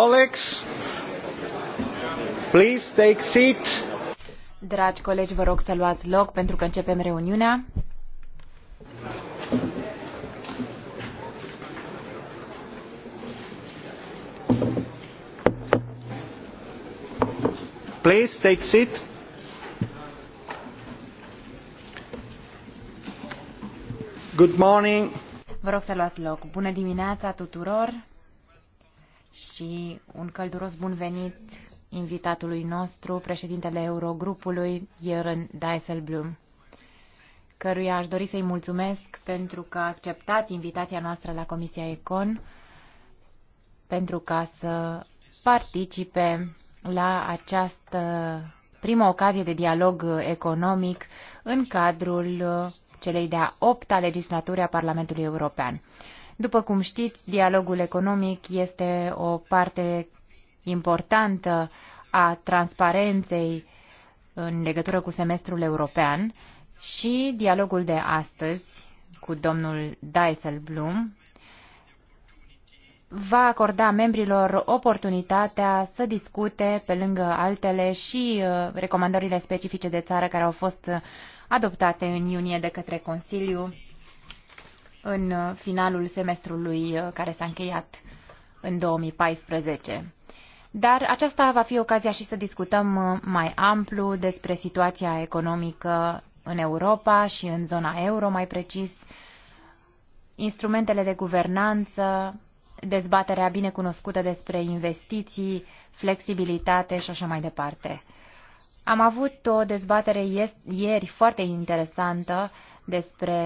colleagues, please take seat. Dragi colegi, vă rog să luați loc pentru că începem reuniunea. Please take seat. Good morning. Vă rog să luați loc. Bună dimineața tuturor și un călduros bun venit invitatului nostru, președintele Eurogrupului, Jörn Dijsselbloem, căruia aș dori să-i mulțumesc pentru că a acceptat invitația noastră la Comisia Econ pentru ca să participe la această prima ocazie de dialog economic în cadrul celei de-a opta legislaturi a Parlamentului European. După cum știți, dialogul economic este o parte importantă a transparenței în legătură cu semestrul european și dialogul de astăzi cu domnul Dijsselbloem va acorda membrilor oportunitatea să discute, pe lângă altele, și uh, recomandările specifice de țară care au fost adoptate în iunie de către Consiliu în finalul semestrului uh, care s-a încheiat în 2014. Dar aceasta va fi ocazia și să discutăm uh, mai amplu despre situația economică în Europa și în zona euro, mai precis, instrumentele de guvernanță, dezbaterea binecunoscută despre investiții, flexibilitate și așa mai departe. Am avut o dezbatere ieri foarte interesantă despre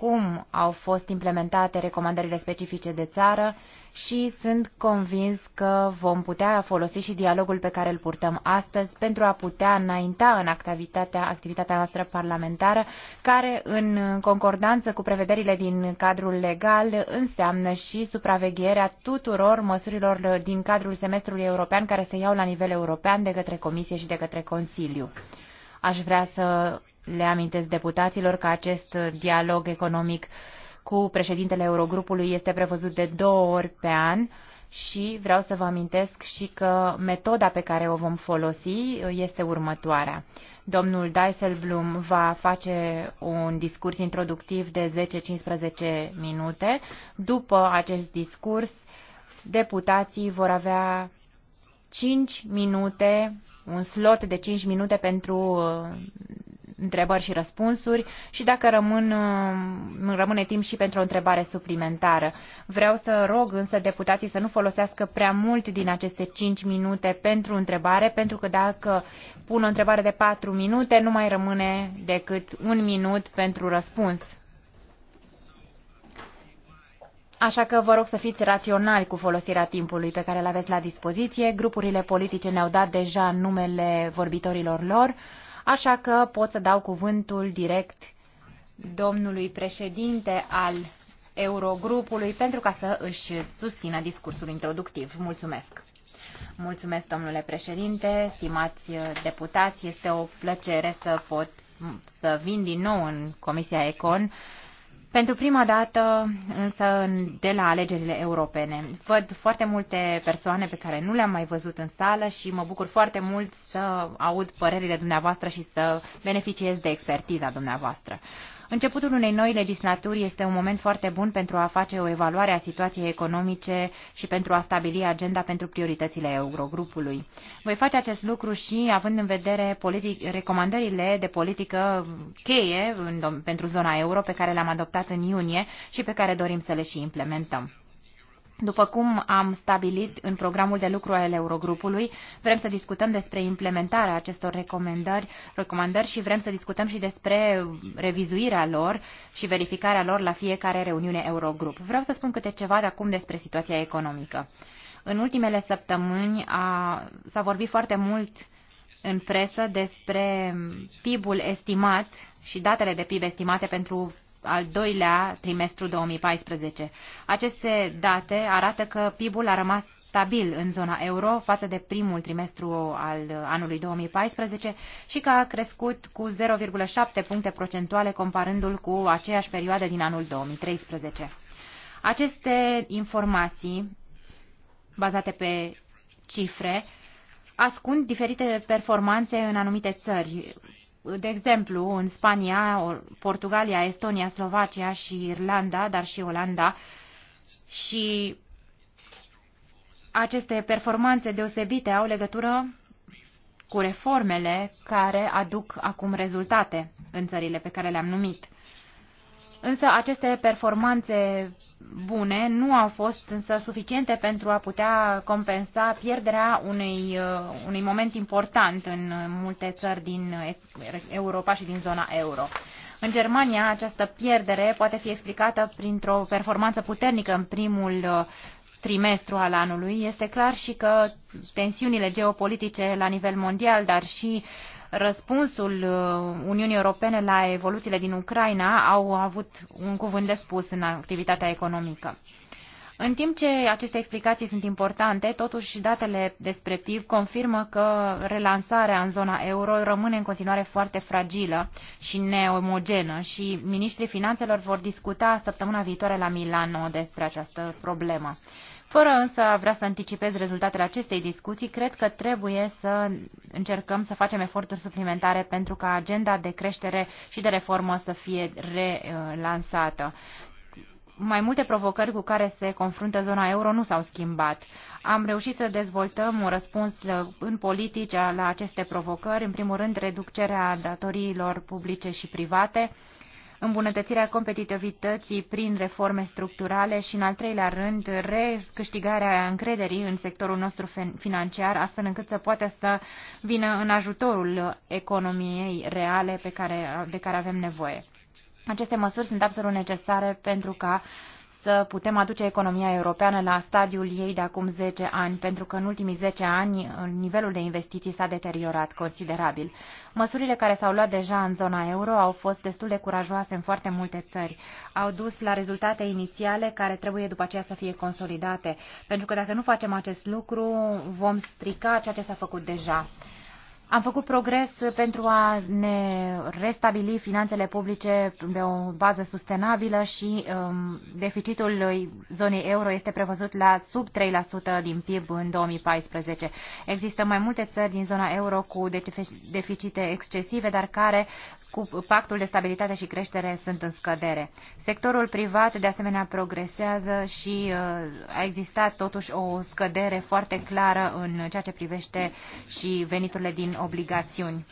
cum au fost implementate recomandările specifice de țară și sunt convins că vom putea folosi și dialogul pe care îl purtăm astăzi pentru a putea înainta în activitatea, activitatea noastră parlamentară, care în concordanță cu prevederile din cadrul legal înseamnă și supravegherea tuturor măsurilor din cadrul semestrului european care se iau la nivel european de către Comisie și de către Consiliu. Aș vrea să le amintesc deputaților că acest dialog economic cu președintele Eurogrupului este prevăzut de două ori pe an și vreau să vă amintesc și că metoda pe care o vom folosi este următoarea. Domnul Dijsselbloem va face un discurs introductiv de 10-15 minute. După acest discurs, deputații vor avea 5 minute, un slot de 5 minute pentru întrebări și răspunsuri și dacă rămân, um, rămâne timp și pentru o întrebare suplimentară. Vreau să rog însă deputații să nu folosească prea mult din aceste 5 minute pentru întrebare, pentru că dacă pun o întrebare de 4 minute, nu mai rămâne decât un minut pentru răspuns. Așa că vă rog să fiți raționali cu folosirea timpului pe care îl aveți la dispoziție. Grupurile politice ne-au dat deja numele vorbitorilor lor așa că pot să dau cuvântul direct domnului președinte al Eurogrupului pentru ca să își susțină discursul introductiv. Mulțumesc! Mulțumesc, domnule președinte, stimați deputați, este o plăcere să pot să vin din nou în Comisia Econ pentru prima dată, însă, de la alegerile europene, văd foarte multe persoane pe care nu le-am mai văzut în sală și mă bucur foarte mult să aud părerile dumneavoastră și să beneficiez de expertiza dumneavoastră. Începutul unei noi legislaturi este un moment foarte bun pentru a face o evaluare a situației economice și pentru a stabili agenda pentru prioritățile Eurogrupului. Voi face acest lucru și având în vedere politic, recomandările de politică cheie în, pentru zona euro pe care le-am adoptat în iunie și pe care dorim să le și implementăm. După cum am stabilit în programul de lucru al Eurogrupului, vrem să discutăm despre implementarea acestor recomandări, recomandări și vrem să discutăm și despre revizuirea lor și verificarea lor la fiecare reuniune Eurogrup. Vreau să spun câte ceva de acum despre situația economică. În ultimele săptămâni a, s-a vorbit foarte mult în presă despre PIB-ul estimat și datele de PIB estimate pentru al doilea trimestru 2014. Aceste date arată că PIB-ul a rămas stabil în zona euro față de primul trimestru al anului 2014 și că a crescut cu 0,7 puncte procentuale comparându-l cu aceeași perioadă din anul 2013. Aceste informații bazate pe cifre ascund diferite performanțe în anumite țări de exemplu, în Spania, Portugalia, Estonia, Slovacia și Irlanda, dar și Olanda, și aceste performanțe deosebite au legătură cu reformele care aduc acum rezultate în țările pe care le-am numit. Însă aceste performanțe bune nu au fost însă suficiente pentru a putea compensa pierderea unei uh, unui moment important în multe țări din Europa și din zona euro. În Germania, această pierdere poate fi explicată printr-o performanță puternică în primul uh, trimestru al anului. Este clar și că tensiunile geopolitice la nivel mondial, dar și uh, răspunsul uh, Uniunii Europene la evoluțiile din Ucraina au avut un cuvânt de spus în activitatea economică. În timp ce aceste explicații sunt importante, totuși datele despre PIB confirmă că relansarea în zona euro rămâne în continuare foarte fragilă și neomogenă și ministrii finanțelor vor discuta săptămâna viitoare la Milano despre această problemă. Fără însă a vrea să anticipez rezultatele acestei discuții, cred că trebuie să încercăm să facem eforturi suplimentare pentru ca agenda de creștere și de reformă să fie relansată mai multe provocări cu care se confruntă zona euro nu s-au schimbat. Am reușit să dezvoltăm un răspuns în politice la aceste provocări, în primul rând reducerea datoriilor publice și private, îmbunătățirea competitivității prin reforme structurale și, în al treilea rând, recâștigarea încrederii în sectorul nostru financiar, astfel încât să poată să vină în ajutorul economiei reale pe care, de care avem nevoie. Aceste măsuri sunt absolut necesare pentru ca să putem aduce economia europeană la stadiul ei de acum 10 ani, pentru că în ultimii 10 ani nivelul de investiții s-a deteriorat considerabil. Măsurile care s-au luat deja în zona euro au fost destul de curajoase în foarte multe țări. Au dus la rezultate inițiale care trebuie după aceea să fie consolidate, pentru că dacă nu facem acest lucru vom strica ceea ce s-a făcut deja. Am făcut progres pentru a ne restabili finanțele publice pe o bază sustenabilă și um, deficitul zonei euro este prevăzut la sub 3% din PIB în 2014. Există mai multe țări din zona euro cu deficite excesive, dar care cu pactul de stabilitate și creștere sunt în scădere. Sectorul privat de asemenea progresează și uh, a existat totuși o scădere foarte clară în ceea ce privește și veniturile din obligațiuni.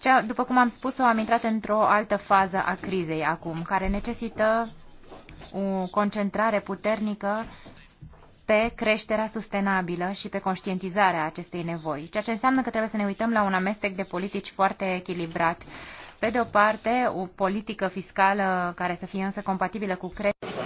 Cea, după cum am spus-o, am intrat într-o altă fază a crizei acum, care necesită o concentrare puternică pe creșterea sustenabilă și pe conștientizarea acestei nevoi, ceea ce înseamnă că trebuie să ne uităm la un amestec de politici foarte echilibrat. Pe de o parte, o politică fiscală care să fie însă compatibilă cu creșterea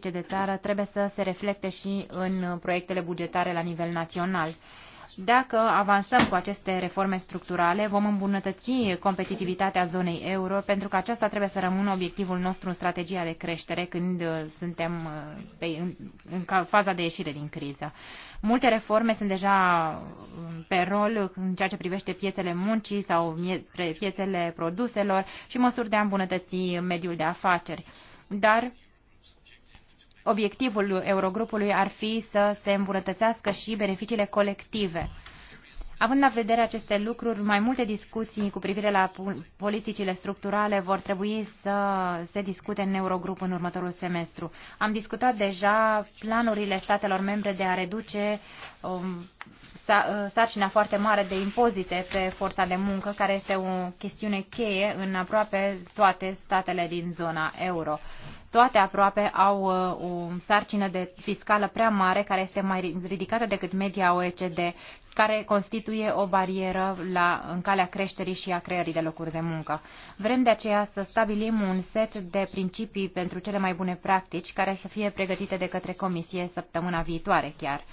de țară trebuie să se reflecte și în proiectele bugetare la nivel național. Dacă avansăm cu aceste reforme structurale, vom îmbunătăți competitivitatea zonei euro, pentru că aceasta trebuie să rămână obiectivul nostru în strategia de creștere când uh, suntem uh, pe, în, în faza de ieșire din criză. Multe reforme sunt deja um, pe rol în ceea ce privește piețele muncii sau piețele produselor și măsuri de a îmbunătăți mediul de afaceri. Dar obiectivul Eurogrupului ar fi să se îmbunătățească și beneficiile colective. Având la vedere aceste lucruri, mai multe discuții cu privire la politicile structurale vor trebui să se discute în Eurogrup în următorul semestru. Am discutat deja planurile statelor membre de a reduce um, uh, sarcina foarte mare de impozite pe forța de muncă, care este o chestiune cheie în aproape toate statele din zona euro. Toate aproape au uh, o sarcină de fiscală prea mare, care este mai ridicată decât media OECD, care constituie o barieră la, în calea creșterii și a creării de locuri de muncă. Vrem de aceea să stabilim un set de principii pentru cele mai bune practici, care să fie pregătite de către Comisie săptămâna viitoare chiar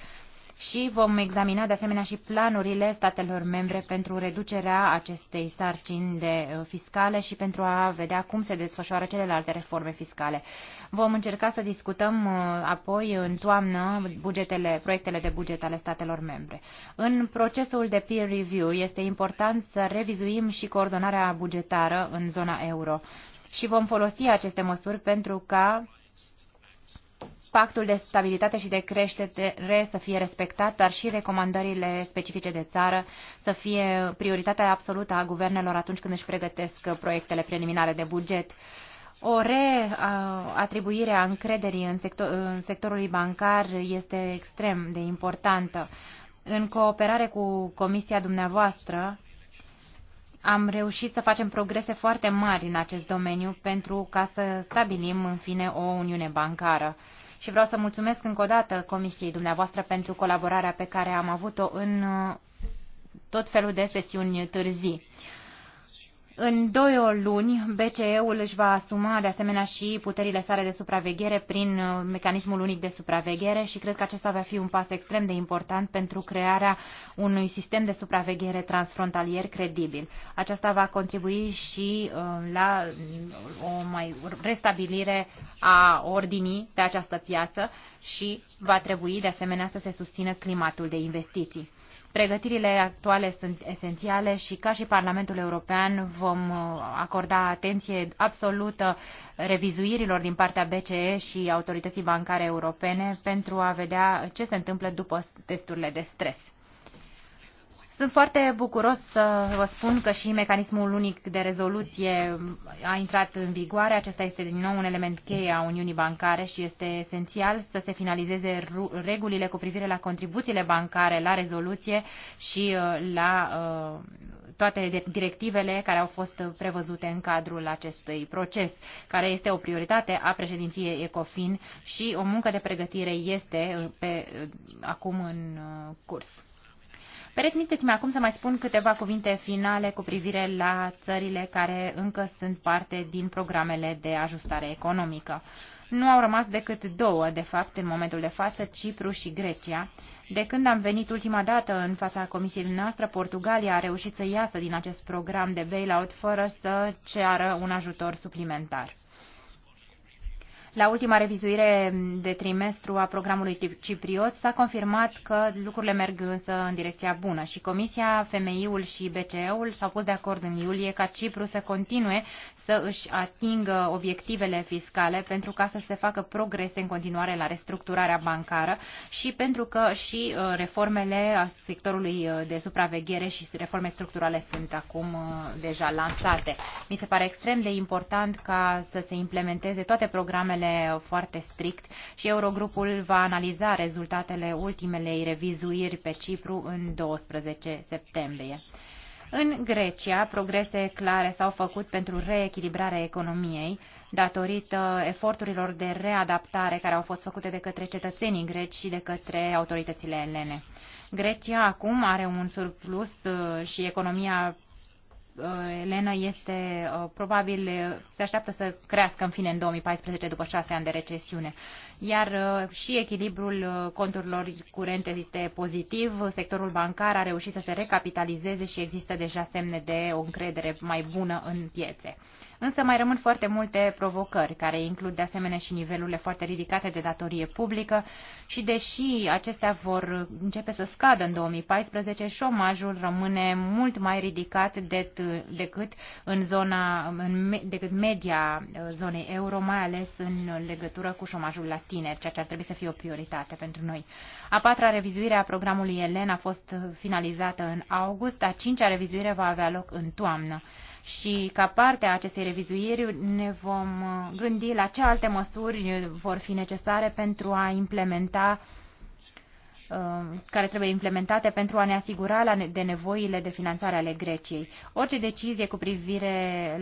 și vom examina de asemenea și planurile statelor membre pentru reducerea acestei sarcini de uh, fiscale și pentru a vedea cum se desfășoară celelalte reforme fiscale. Vom încerca să discutăm uh, apoi în toamnă bugetele, proiectele de buget ale statelor membre. În procesul de peer review este important să revizuim și coordonarea bugetară în zona euro și vom folosi aceste măsuri pentru ca pactul de stabilitate și de creștere să fie respectat, dar și recomandările specifice de țară să fie prioritatea absolută a guvernelor atunci când își pregătesc proiectele preliminare de buget. O reatribuire a încrederii în, sector, în sectorului bancar este extrem de importantă. În cooperare cu comisia dumneavoastră, am reușit să facem progrese foarte mari în acest domeniu pentru ca să stabilim, în fine, o uniune bancară și vreau să mulțumesc încă o dată Comisiei dumneavoastră pentru colaborarea pe care am avut-o în uh, tot felul de sesiuni târzii. În două luni, BCE-ul își va asuma de asemenea și puterile sale de supraveghere prin uh, mecanismul unic de supraveghere și cred că acesta va fi un pas extrem de important pentru crearea unui sistem de supraveghere transfrontalier credibil. Aceasta va contribui și uh, la mm, o mai restabilire a ordinii pe această piață și va trebui de asemenea să se susțină climatul de investiții. Pregătirile actuale sunt esențiale și ca și Parlamentul European vom uh, acorda atenție absolută revizuirilor din partea BCE și autorității bancare europene pentru a vedea ce se întâmplă după testurile de stres. Sunt foarte bucuros să vă spun că și mecanismul unic de rezoluție a intrat în vigoare. Acesta este din nou un element cheie a Uniunii Bancare și este esențial să se finalizeze regulile cu privire la contribuțiile bancare, la rezoluție și uh, la uh, toate directivele care au fost prevăzute în cadrul acestui proces, care este o prioritate a președinției ECOFIN și o muncă de pregătire este uh, pe, acum în curs. Permiteți-mi acum să mai spun câteva cuvinte finale cu privire la țările care încă sunt parte din programele de ajustare economică. Nu au rămas decât două, de fapt, în momentul de față, Cipru și Grecia. De când am venit ultima dată în fața comisiei noastre, Portugalia a reușit să iasă din acest program de bailout fără să ceară un ajutor suplimentar. La ultima revizuire de trimestru a programului Cipriot s-a confirmat că lucrurile merg însă în direcția bună și Comisia, FMI-ul și BCE-ul s-au pus de acord în iulie ca Cipru să continue să își atingă obiectivele fiscale pentru ca să se facă progrese în continuare la restructurarea bancară și pentru că și uh, reformele a sectorului uh, de supraveghere și reforme structurale sunt acum uh, deja lansate. Mi se pare extrem de important ca să se implementeze toate programele controle foarte strict și Eurogrupul va analiza rezultatele ultimelei revizuiri pe Cipru în 12 septembrie. În Grecia, progrese clare s-au făcut pentru reechilibrarea economiei, datorită eforturilor de readaptare care au fost făcute de către cetățenii greci și de către autoritățile elene. Grecia acum are un surplus uh, și economia Uh, Elena este uh, probabil uh, se așteaptă să crească în fine în 2014 după șase ani de recesiune. Iar și echilibrul conturilor curente este pozitiv. Sectorul bancar a reușit să se recapitalizeze și există deja semne de o încredere mai bună în piețe. Însă mai rămân foarte multe provocări, care includ de asemenea și nivelurile foarte ridicate de datorie publică și deși acestea vor începe să scadă în 2014, șomajul rămâne mult mai ridicat de decât în zona, în me decât media uh, zonei euro, mai ales în legătură cu șomajul la tineri, ceea ce ar trebui să fie o prioritate pentru noi. A patra revizuire a programului ELEN a fost finalizată în august, a cincea revizuire va avea loc în toamnă și ca parte a acestei revizuiri ne vom uh, gândi la ce alte măsuri uh, vor fi necesare pentru a implementa uh, care trebuie implementate pentru a ne asigura de nevoile de finanțare ale Greciei. Orice decizie cu privire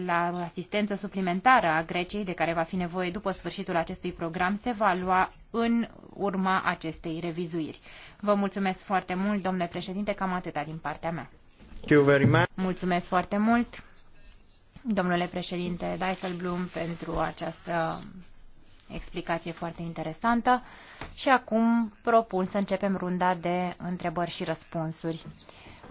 la asistență suplimentară a Greciei, de care va fi nevoie după sfârșitul acestui program, se va lua în urma acestei revizuiri. Vă mulțumesc foarte mult, domnule președinte, cam atâta din partea mea. Mulțumesc foarte mult domnule președinte Dijsselbloem, pentru această explicație foarte interesantă. Și acum propun să începem runda de întrebări și răspunsuri.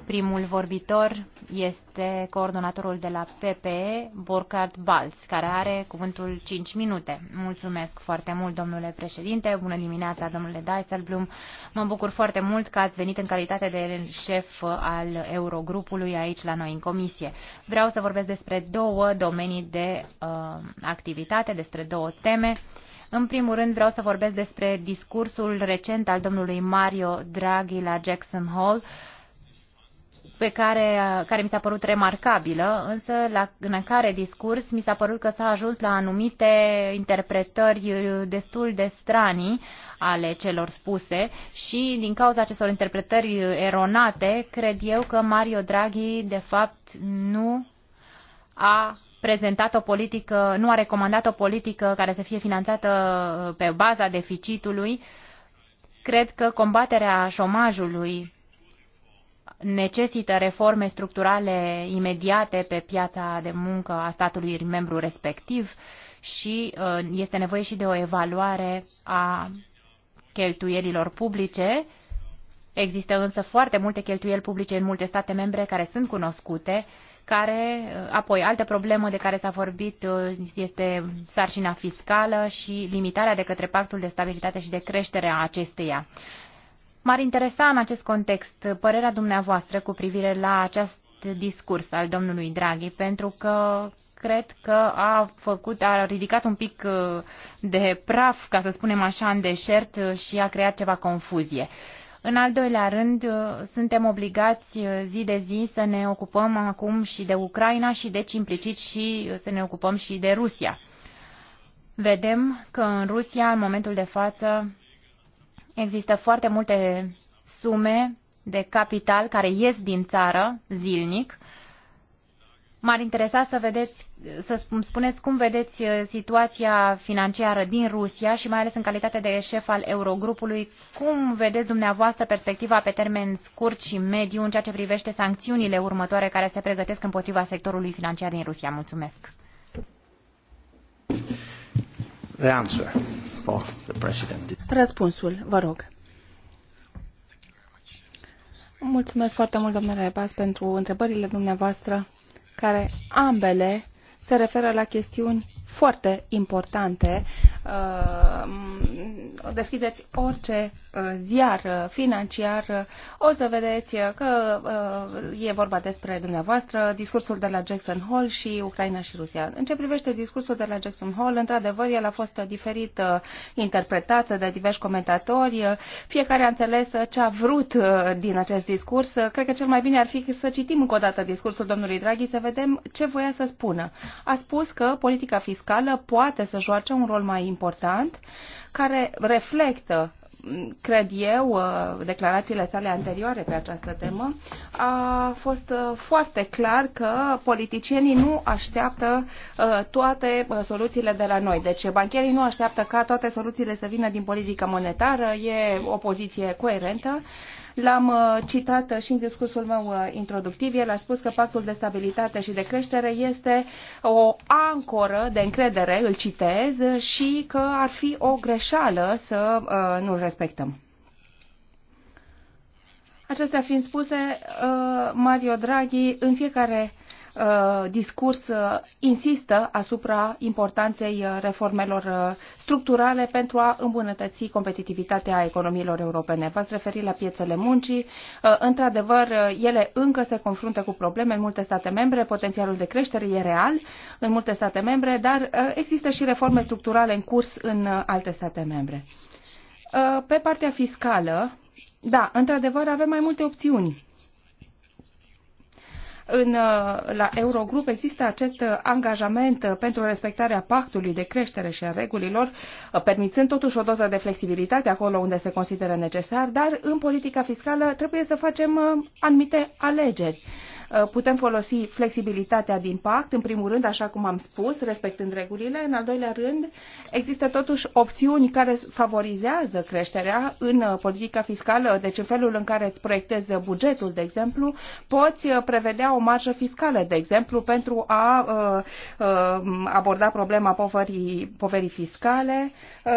Primul vorbitor este coordonatorul de la PPE, Burkhard Balz, care are cuvântul 5 minute. Mulțumesc foarte mult, domnule președinte. Bună dimineața, domnule Dijsselbloem. Mă bucur foarte mult că ați venit în calitate de șef al Eurogrupului aici la noi în comisie. Vreau să vorbesc despre două domenii de uh, activitate, despre două teme. În primul rând vreau să vorbesc despre discursul recent al domnului Mario Draghi la Jackson Hall pe care, care mi s-a părut remarcabilă, însă la, în care discurs mi s-a părut că s-a ajuns la anumite interpretări destul de stranii ale celor spuse și din cauza acestor interpretări eronate, cred eu că Mario Draghi, de fapt, nu a prezentat o politică, nu a recomandat o politică care să fie finanțată pe baza deficitului. Cred că combaterea șomajului necesită reforme structurale imediate pe piața de muncă a statului membru respectiv și uh, este nevoie și de o evaluare a cheltuielilor publice. Există însă foarte multe cheltuieli publice în multe state membre care sunt cunoscute, care, uh, apoi, altă problemă de care s-a vorbit uh, este sarcina fiscală și limitarea de către pactul de stabilitate și de creștere a acesteia. M-ar interesa în acest context părerea dumneavoastră cu privire la acest discurs al domnului Draghi, pentru că cred că a făcut, a ridicat un pic uh, de praf, ca să spunem așa, în deșert și a creat ceva confuzie. În al doilea rând, uh, suntem obligați uh, zi de zi să ne ocupăm acum și de Ucraina și deci implicit și să ne ocupăm și de Rusia. Vedem că în Rusia, în momentul de față, Există foarte multe sume de capital care ies din țară zilnic. M-ar interesa să vedeți, să spuneți cum vedeți uh, situația financiară din Rusia și mai ales în calitate de șef al Eurogrupului, cum vedeți dumneavoastră perspectiva pe termen scurt și mediu în ceea ce privește sancțiunile următoare care se pregătesc împotriva sectorului financiar din Rusia. Mulțumesc. The answer for the president. Răspunsul, vă rog. Mulțumesc foarte mult, domnule Rebas, pentru întrebările dumneavoastră, care ambele se referă la chestiuni foarte importante uh, deschideți orice uh, ziar uh, financiar, uh, o să vedeți că e vorba despre dumneavoastră, discursul de la Jackson Hole și Ucraina și Rusia. În ce privește discursul de la Jackson Hole, într-adevăr, el a fost diferit interpretat de diversi comentatori. Fiecare a înțeles ce a vrut din acest discurs. Cred că cel mai bine ar fi să citim încă o dată discursul domnului Draghi, să vedem ce voia să spună. A spus că politica fiscală poate să joace un rol mai important care reflectă cred eu, uh, declarațiile sale anterioare pe această temă, a fost uh, foarte clar că politicienii nu așteaptă uh, toate soluțiile de la noi. Deci bancherii nu așteaptă ca toate soluțiile să vină din politică monetară, e o poziție coerentă. L-am citat și în discursul meu introductiv. El a spus că pactul de stabilitate și de creștere este o ancoră de încredere, îl citez, și că ar fi o greșeală să nu respectăm. Acestea fiind spuse, uh, Mario Draghi în fiecare uh, discurs uh, insistă asupra importanței reformelor structurale pentru a îmbunătăți competitivitatea economiilor europene. V-ați referit la piețele muncii. Într-adevăr, ele încă se confruntă cu probleme în multe state membre. Potențialul de creștere e real în multe state membre, dar există și reforme structurale în curs în alte state membre. Uh, pe partea fiscală, da, într-adevăr avem mai multe opțiuni. În, uh, la Eurogrup există acest uh, angajament pentru respectarea pactului de creștere și a regulilor, permițând totuși o doză de flexibilitate acolo unde se consideră necesar, dar în politica fiscală trebuie să facem anumite alegeri Uh, putem folosi flexibilitatea din pact, în primul rând, așa cum am spus, respectând regulile. În al doilea rând, există totuși opțiuni care favorizează creșterea în uh, politica fiscală, deci în felul în care îți proiectezi bugetul, de exemplu, poți uh, prevedea o marjă fiscală, de exemplu, pentru a aborda problema poverii, poverii fiscale,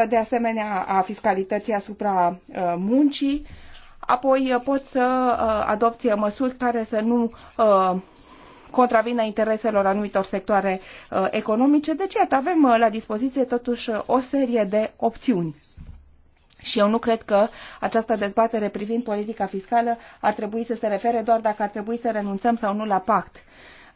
de asemenea a fiscalității asupra muncii, apoi uh, poți să uh, adopți măsuri care să nu uh, contravină intereselor anumitor sectoare economice. Deci, iată, avem la dispoziție totuși o serie de opțiuni. Și eu nu cred că această dezbatere privind politica fiscală ar trebui să se refere doar dacă ar trebui să renunțăm sau nu la pact.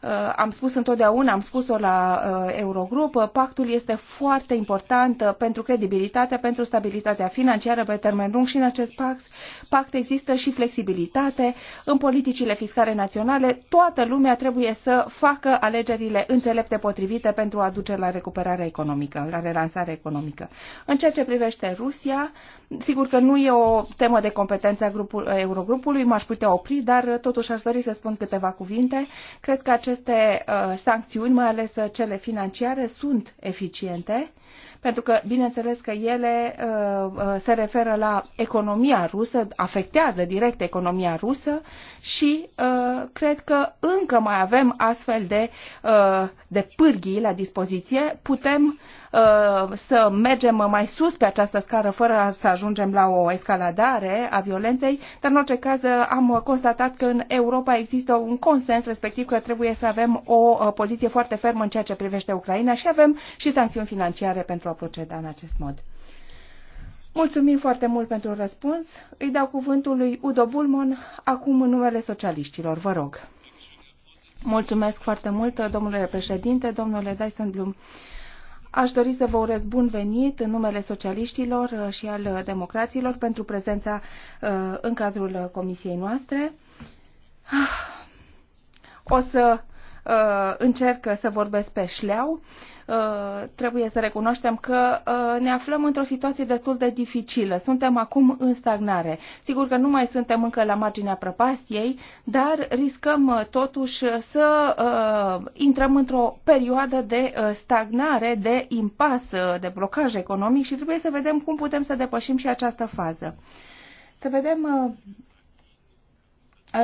Uh, am spus întotdeauna, am spus-o la uh, Eurogrup, uh, pactul este foarte important pentru credibilitatea, pentru stabilitatea financiară pe termen lung și în acest pact, pact există și flexibilitate în politicile fiscale naționale. Toată lumea trebuie să facă alegerile înțelepte potrivite pentru a duce la recuperarea economică, la relansare economică. În ceea ce privește Rusia, sigur că nu e o temă de competență a grupul, Eurogrupului, m-aș putea opri, dar totuși aș dori să spun câteva cuvinte. Cred că acest aceste uh, sancțiuni, mai ales uh, cele financiare, sunt eficiente pentru că, bineînțeles că ele uh, uh, se referă la economia rusă, afectează direct economia rusă și uh, cred că încă mai avem astfel de, de pârghii la dispoziție. Putem să mergem mai sus pe această scară fără să ajungem la o escaladare a violenței, dar în orice caz am constatat că în Europa există un consens, respectiv că trebuie să avem o poziție foarte fermă în ceea ce privește Ucraina și avem și sancțiuni financiare pentru a proceda în acest mod. Mulțumim foarte mult pentru răspuns. Îi dau cuvântul lui Udo Bulmon, acum în numele socialiștilor. Vă rog. Mulțumesc foarte mult, domnule președinte, domnule Dyson Aș dori să vă urez bun venit în numele socialiștilor și al democraților pentru prezența uh, în cadrul comisiei noastre. Ah, o să uh, încerc să vorbesc pe șleau. Uh, trebuie să recunoaștem că uh, ne aflăm într-o situație destul de dificilă. Suntem acum în stagnare. Sigur că nu mai suntem încă la marginea prăpastiei, dar riscăm uh, totuși să intrăm într-o perioadă de stagnare, de impas, de blocaj economic și trebuie să vedem cum putem să depășim și această fază. Să vedem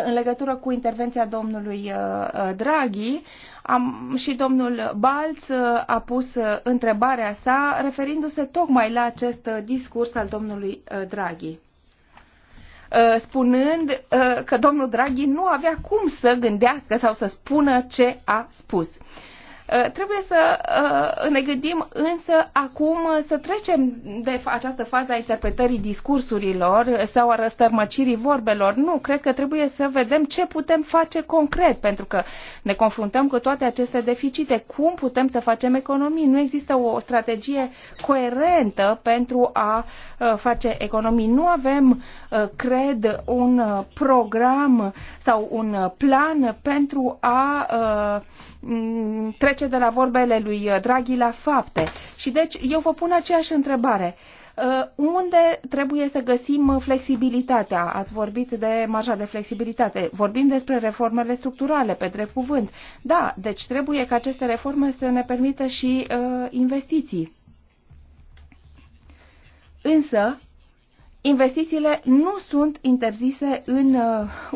în legătură cu intervenția domnului uh, uh, Draghi am, și domnul Balț uh, a pus întrebarea sa referindu-se tocmai la acest discurs al domnului Draghi spunând că domnul Draghi nu avea cum să gândească sau să spună ce a spus. Uh, trebuie să uh, ne gândim însă acum să trecem de această fază a interpretării discursurilor sau a răstărmăcirii vorbelor. Nu, cred că trebuie să vedem ce putem face concret, pentru că ne confruntăm cu toate aceste deficite. Cum putem să facem economii? Nu există o strategie coerentă pentru a uh, face economii. Nu avem, cred, un program sau un plan pentru a Mm, trece de la vorbele lui uh, Draghi la fapte. Și deci eu vă pun aceeași întrebare. Uh, unde trebuie să găsim flexibilitatea? Ați vorbit de marja de flexibilitate. Vorbim despre reformele structurale, pe drept cuvânt. Da, deci trebuie ca aceste reforme să ne permită și uh, investiții. Însă, investițiile nu sunt interzise în uh,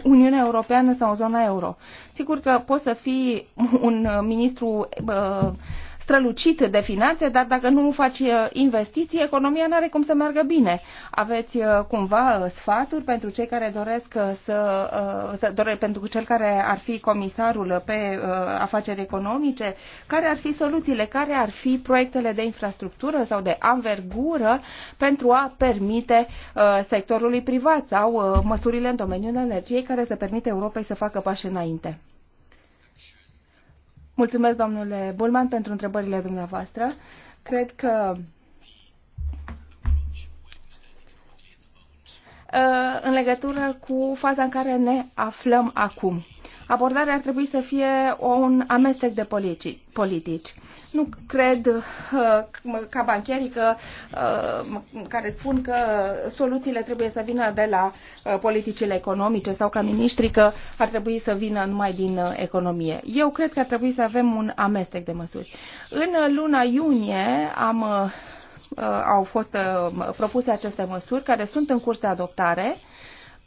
Uniunea Europeană sau în zona euro. Sigur că poți să fii un uh, ministru uh, strălucit de finanțe, dar dacă nu faci uh, investiții, economia nu are cum să meargă bine. Aveți uh, cumva uh, sfaturi pentru cei care doresc să, să dore, pentru cel care ar fi comisarul pe afaceri economice, care ar fi soluțiile, care ar fi proiectele de infrastructură sau de anvergură pentru a permite sectorului privat sau măsurile în domeniul energiei care să permite Europei să facă pași înainte. Mulțumesc, domnule Bulman, pentru întrebările dumneavoastră. Cred că uh, în legătură cu faza în care ne aflăm acum abordarea ar trebui să fie un amestec de politici. Nu cred uh, ca bancherii că, uh, care spun că soluțiile trebuie să vină de la uh, politicile economice sau ca miniștri că ar trebui să vină numai din economie. Eu cred că ar trebui să avem un amestec de măsuri. În luna iunie am au fost propuse aceste măsuri care sunt în curs de adoptare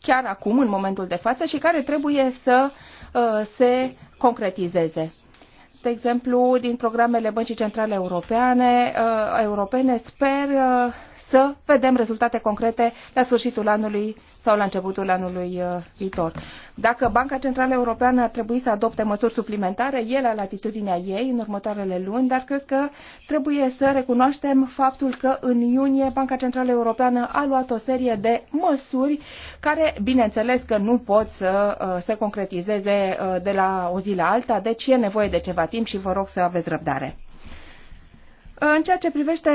chiar acum, în momentul de față, și care trebuie să Uh, se concretizeze. De exemplu, din programele Băncii Centrale Europeane, uh, europene, sper uh, să vedem rezultate concrete la sfârșitul anului sau la începutul anului uh, viitor. Dacă Banca Centrală Europeană ar trebui să adopte măsuri suplimentare, ele la latitudinea ei în următoarele luni, dar cred că trebuie să recunoaștem faptul că în iunie Banca Centrală Europeană a luat o serie de măsuri care, bineînțeles că nu pot să uh, se concretizeze uh, de la o zi la alta, deci e nevoie de ceva timp și vă rog să aveți răbdare. În ceea ce privește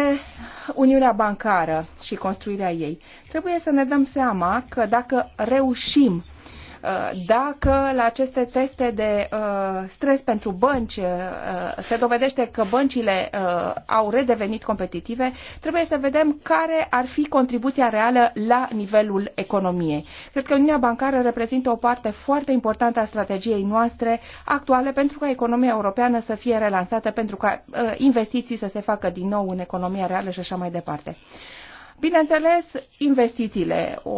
Uniunea Bancară și construirea ei, trebuie să ne dăm seama că dacă reușim Uh, dacă la aceste teste de uh, stres pentru bănci uh, se dovedește că băncile au redevenit competitive, trebuie să vedem care ar fi contribuția reală la nivelul economiei. Cred că Uniunea Bancară reprezintă o parte foarte importantă a strategiei noastre actuale pentru ca economia europeană să fie relansată, pentru ca investiții să se facă din nou în economia reală și așa mai departe. Bineînțeles, investițiile, o,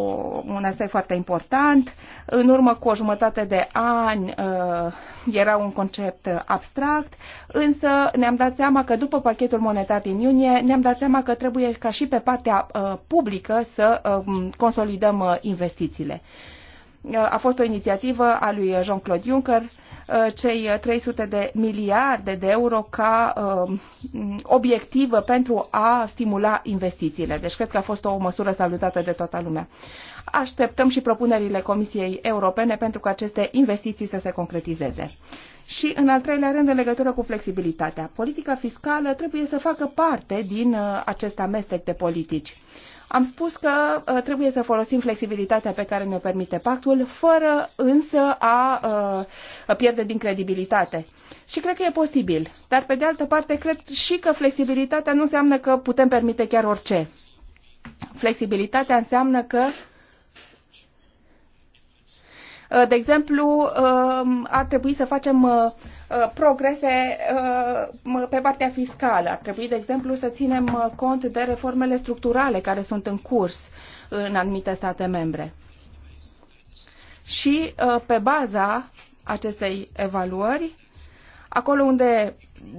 un aspect foarte important. În urmă cu o jumătate de ani uh, era un concept abstract, însă ne-am dat seama că după pachetul monetar din iunie ne-am dat seama că trebuie ca și pe partea uh, publică să um, consolidăm uh, investițiile. A fost o inițiativă a lui Jean-Claude Juncker Uh, cei 300 de miliarde de euro ca uh, obiectivă pentru a stimula investițiile. Deci cred că a fost o măsură salutată de toată lumea. Așteptăm și propunerile Comisiei Europene pentru ca aceste investiții să se concretizeze. Și, în al treilea rând, în legătură cu flexibilitatea, politica fiscală trebuie să facă parte din uh, acest amestec de politici. Am spus că uh, trebuie să folosim flexibilitatea pe care ne permite pactul, fără însă a uh, pierde din credibilitate. Și cred că e posibil. Dar, pe de altă parte, cred și că flexibilitatea nu înseamnă că putem permite chiar orice. Flexibilitatea înseamnă că uh, de exemplu, ar trebui să facem Uh, progrese uh, pe partea fiscală. Ar trebui, de exemplu, să ținem uh, cont de reformele structurale care sunt în curs în anumite state membre. Și pe baza acestei evaluări, acolo unde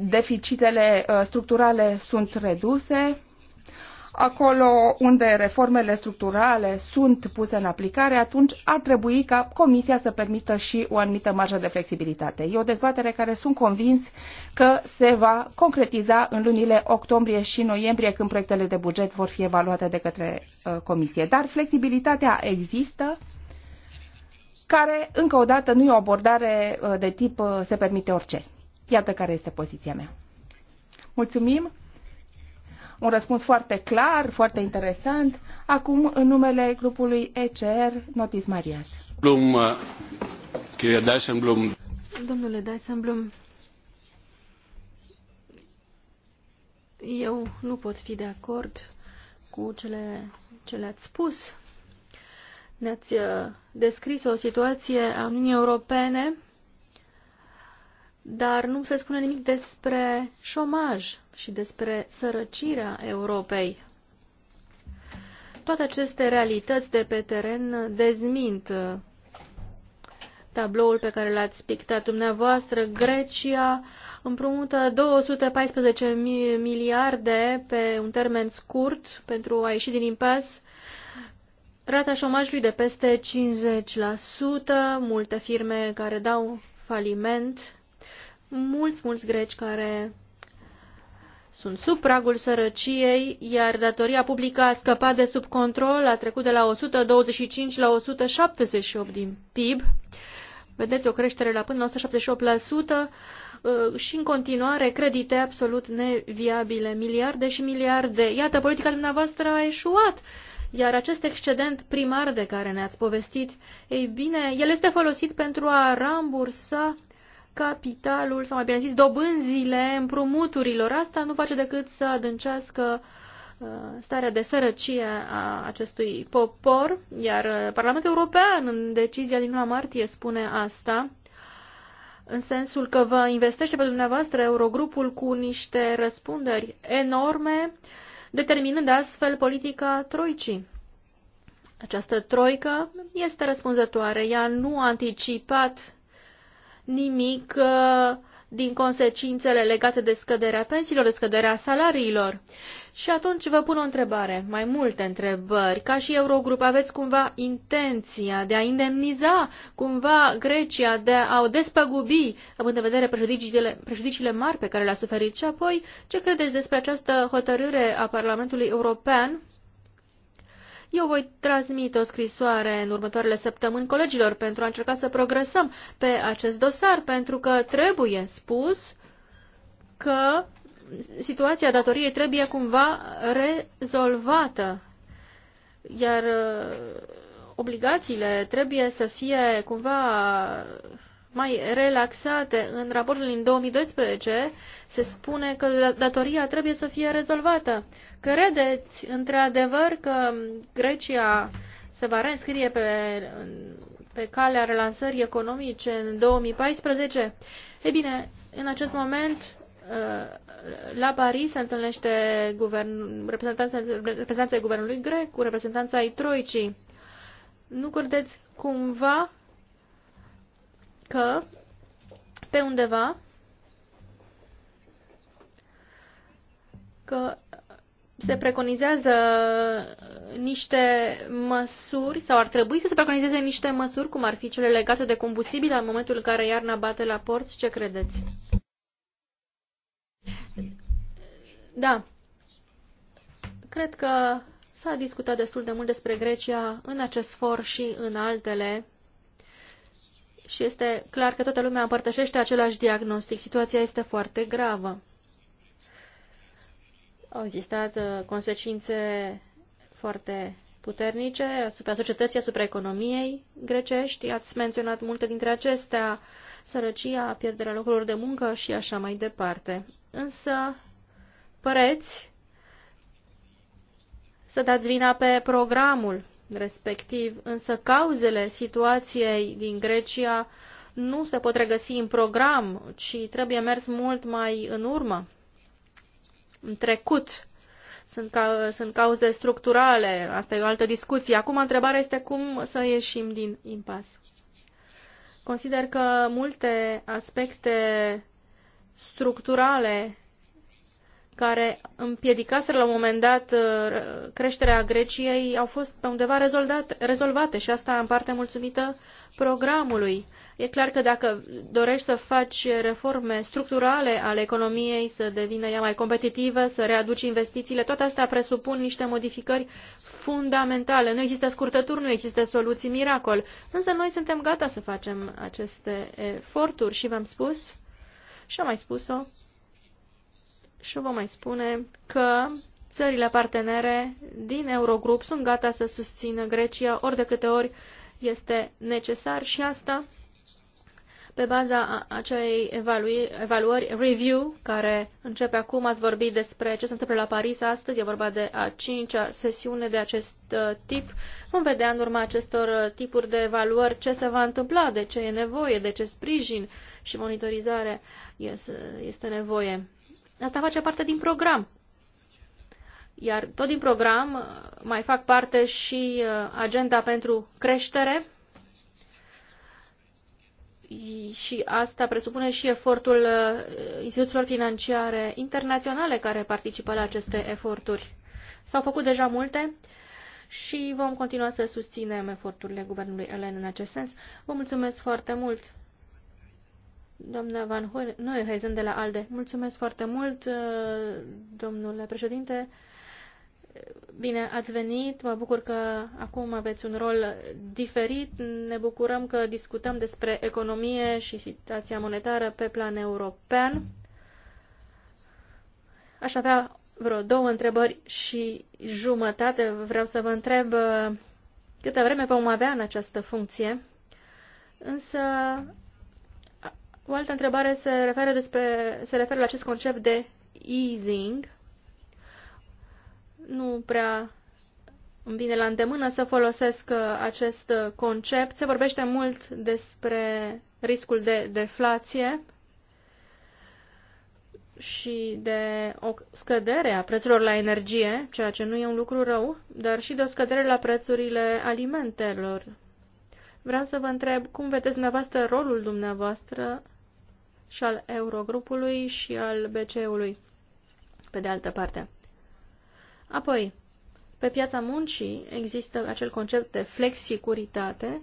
deficitele structurale sunt reduse, acolo unde reformele structurale sunt puse în aplicare, atunci ar trebui ca Comisia să permită și o anumită marjă de flexibilitate. E o dezbatere care sunt convins că se va concretiza în lunile octombrie și noiembrie, când proiectele de buget vor fi evaluate de către uh, Comisie. Dar flexibilitatea există, care, încă o dată, nu e o abordare uh, de tip uh, se permite orice. Iată care este poziția mea. Mulțumim! un răspuns foarte clar, foarte interesant. Acum, în numele grupului ECR, Notis Marias. Blum, Blum. Domnule Dyson eu nu pot fi de acord cu cele ce le-ați spus. Ne-ați uh, descris o situație a Uniunii Europene dar nu se spune nimic despre șomaj și despre sărăcirea Europei. Toate aceste realități de pe teren dezmint uh, tabloul pe care l-ați pictat dumneavoastră. Grecia împrumută 214 miliarde pe un termen scurt pentru a ieși din impas. Rata șomajului de peste 50%, multe firme care dau faliment mulți, mulți greci care sunt sub pragul sărăciei, iar datoria publică a scăpat de sub control, a trecut de la 125 la 178 din PIB. Vedeți o creștere la până la 178% uh, și în continuare credite absolut neviabile, miliarde și miliarde. Iată, politica dumneavoastră a eșuat. Iar acest excedent primar de care ne-ați povestit, ei bine, el este folosit pentru a rambursa capitalul, sau mai bine zis, dobânzile împrumuturilor. Asta nu face decât să adâncească uh, starea de sărăcie a acestui popor, iar uh, Parlamentul European, în decizia din luna martie, spune asta, în sensul că vă investește pe dumneavoastră Eurogrupul cu niște răspunderi enorme, determinând astfel politica troicii. Această troică este răspunzătoare. Ea nu a anticipat nimic uh, din consecințele legate de scăderea pensiilor, de scăderea salariilor. Și atunci vă pun o întrebare, mai multe întrebări. Ca și Eurogrup aveți cumva intenția de a indemniza cumva Grecia, de a o despăgubi, având în vedere prejudiciile, prejudiciile mari pe care le-a suferit? Și apoi, ce credeți despre această hotărâre a Parlamentului European eu voi transmite o scrisoare în următoarele săptămâni colegilor pentru a încerca să progresăm pe acest dosar, pentru că trebuie spus că situația datoriei trebuie cumva rezolvată, iar uh, obligațiile trebuie să fie cumva mai relaxate. În raportul din 2012 se spune că datoria trebuie să fie rezolvată. Credeți într-adevăr că Grecia se va reînscrie pe, pe calea relansării economice în 2014? Ei bine, în acest moment uh, la Paris se întâlnește guvern, reprezentanța, reprezentanța guvernului grec cu reprezentanța ai Troicii. Nu credeți cumva că pe undeva că se preconizează niște măsuri sau ar trebui să se preconizeze niște măsuri, cum ar fi cele legate de combustibil în momentul în care iarna bate la porți? Ce credeți? Da. Cred că s-a discutat destul de mult despre Grecia în acest for și în altele și este clar că toată lumea împărtășește același diagnostic. Situația este foarte gravă. Au existat uh, consecințe foarte puternice asupra societății, asupra economiei grecești. Ați menționat multe dintre acestea, sărăcia, pierderea locurilor de muncă și așa mai departe. Însă, păreți să dați vina pe programul respectiv, însă cauzele situației din Grecia nu se pot regăsi în program, ci trebuie mers mult mai în urmă în trecut. Sunt, ca, sunt cauze structurale, asta e o altă discuție. Acum întrebarea este cum să ieșim din impas. Consider că multe aspecte structurale care împiedicaseră la un moment dat uh, creșterea Greciei au fost pe undeva rezolvate și asta în parte mulțumită programului. E clar că dacă dorești să faci reforme structurale ale economiei, să devină ea mai competitivă, să readuci investițiile, toate astea presupun niște modificări fundamentale. Nu există scurtături, nu există soluții miracol, însă noi suntem gata să facem aceste eforturi și v-am spus și am mai spus-o și vă mai spune că țările partenere din Eurogrup sunt gata să susțină Grecia ori de câte ori este necesar și asta pe baza acelei evaluări, review, care începe acum, ați vorbit despre ce se întâmplă la Paris astăzi, e vorba de a cincea sesiune de acest uh, tip. Vom vedea în urma acestor uh, tipuri de evaluări ce se va întâmpla, de ce e nevoie, de ce sprijin și monitorizare este nevoie. Asta face parte din program. Iar tot din program mai fac parte și uh, agenda pentru creștere și asta presupune și efortul uh, instituțiilor financiare internaționale care participă la aceste eforturi. S-au făcut deja multe și vom continua să susținem eforturile guvernului elen în acest sens. Vă mulțumesc foarte mult! Doamna Van Neuheisen de la ALDE, mulțumesc foarte mult, uh, domnule președinte. Bine, ați venit, mă bucur că acum aveți un rol diferit. Ne bucurăm că discutăm despre economie și situația monetară pe plan european. Aș avea vreo două întrebări și jumătate. Vreau să vă întreb uh, câtă vreme vom avea în această funcție. Însă o altă întrebare se referă, despre, se referă la acest concept de easing. Nu prea îmi vine la îndemână să folosesc uh, acest uh, concept. Se vorbește mult despre riscul de deflație și de o scădere a prețurilor la energie, ceea ce nu e un lucru rău, dar și de o scădere la prețurile alimentelor. Vreau să vă întreb cum vedeți dumneavoastră rolul dumneavoastră și al Eurogrupului și al BCE-ului, pe de altă parte. Apoi, pe piața muncii există acel concept de flexicuritate,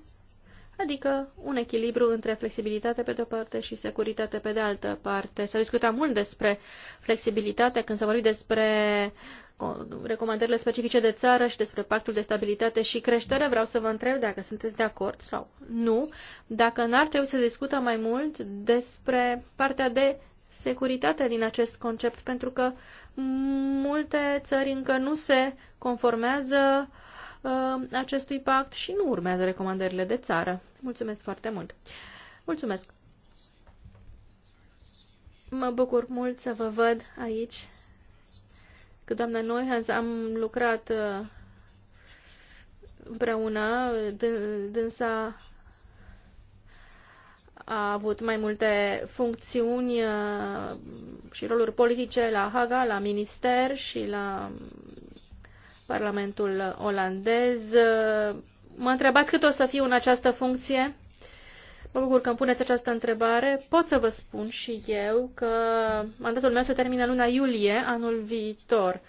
adică un echilibru între flexibilitate pe de-o parte și securitate pe de altă parte. S-a discutat mult despre flexibilitate când s-a vorbit despre recomandările specifice de țară și despre pactul de stabilitate și creștere, vreau să vă întreb dacă sunteți de acord sau nu, dacă n-ar trebui să discutăm mai mult despre partea de securitate din acest concept, pentru că multe țări încă nu se conformează uh, acestui pact și nu urmează recomandările de țară. Mulțumesc foarte mult! Mulțumesc! Mă bucur mult să vă văd aici că doamna Neuhans am lucrat uh, împreună, dânsa a avut mai multe funcțiuni uh, și roluri politice la Haga, la minister și la Parlamentul olandez. Uh, mă întrebați cât o să fiu în această funcție? Mă bucur că îmi puneți această întrebare. Pot să vă spun și eu că mandatul meu se termină luna iulie anul viitor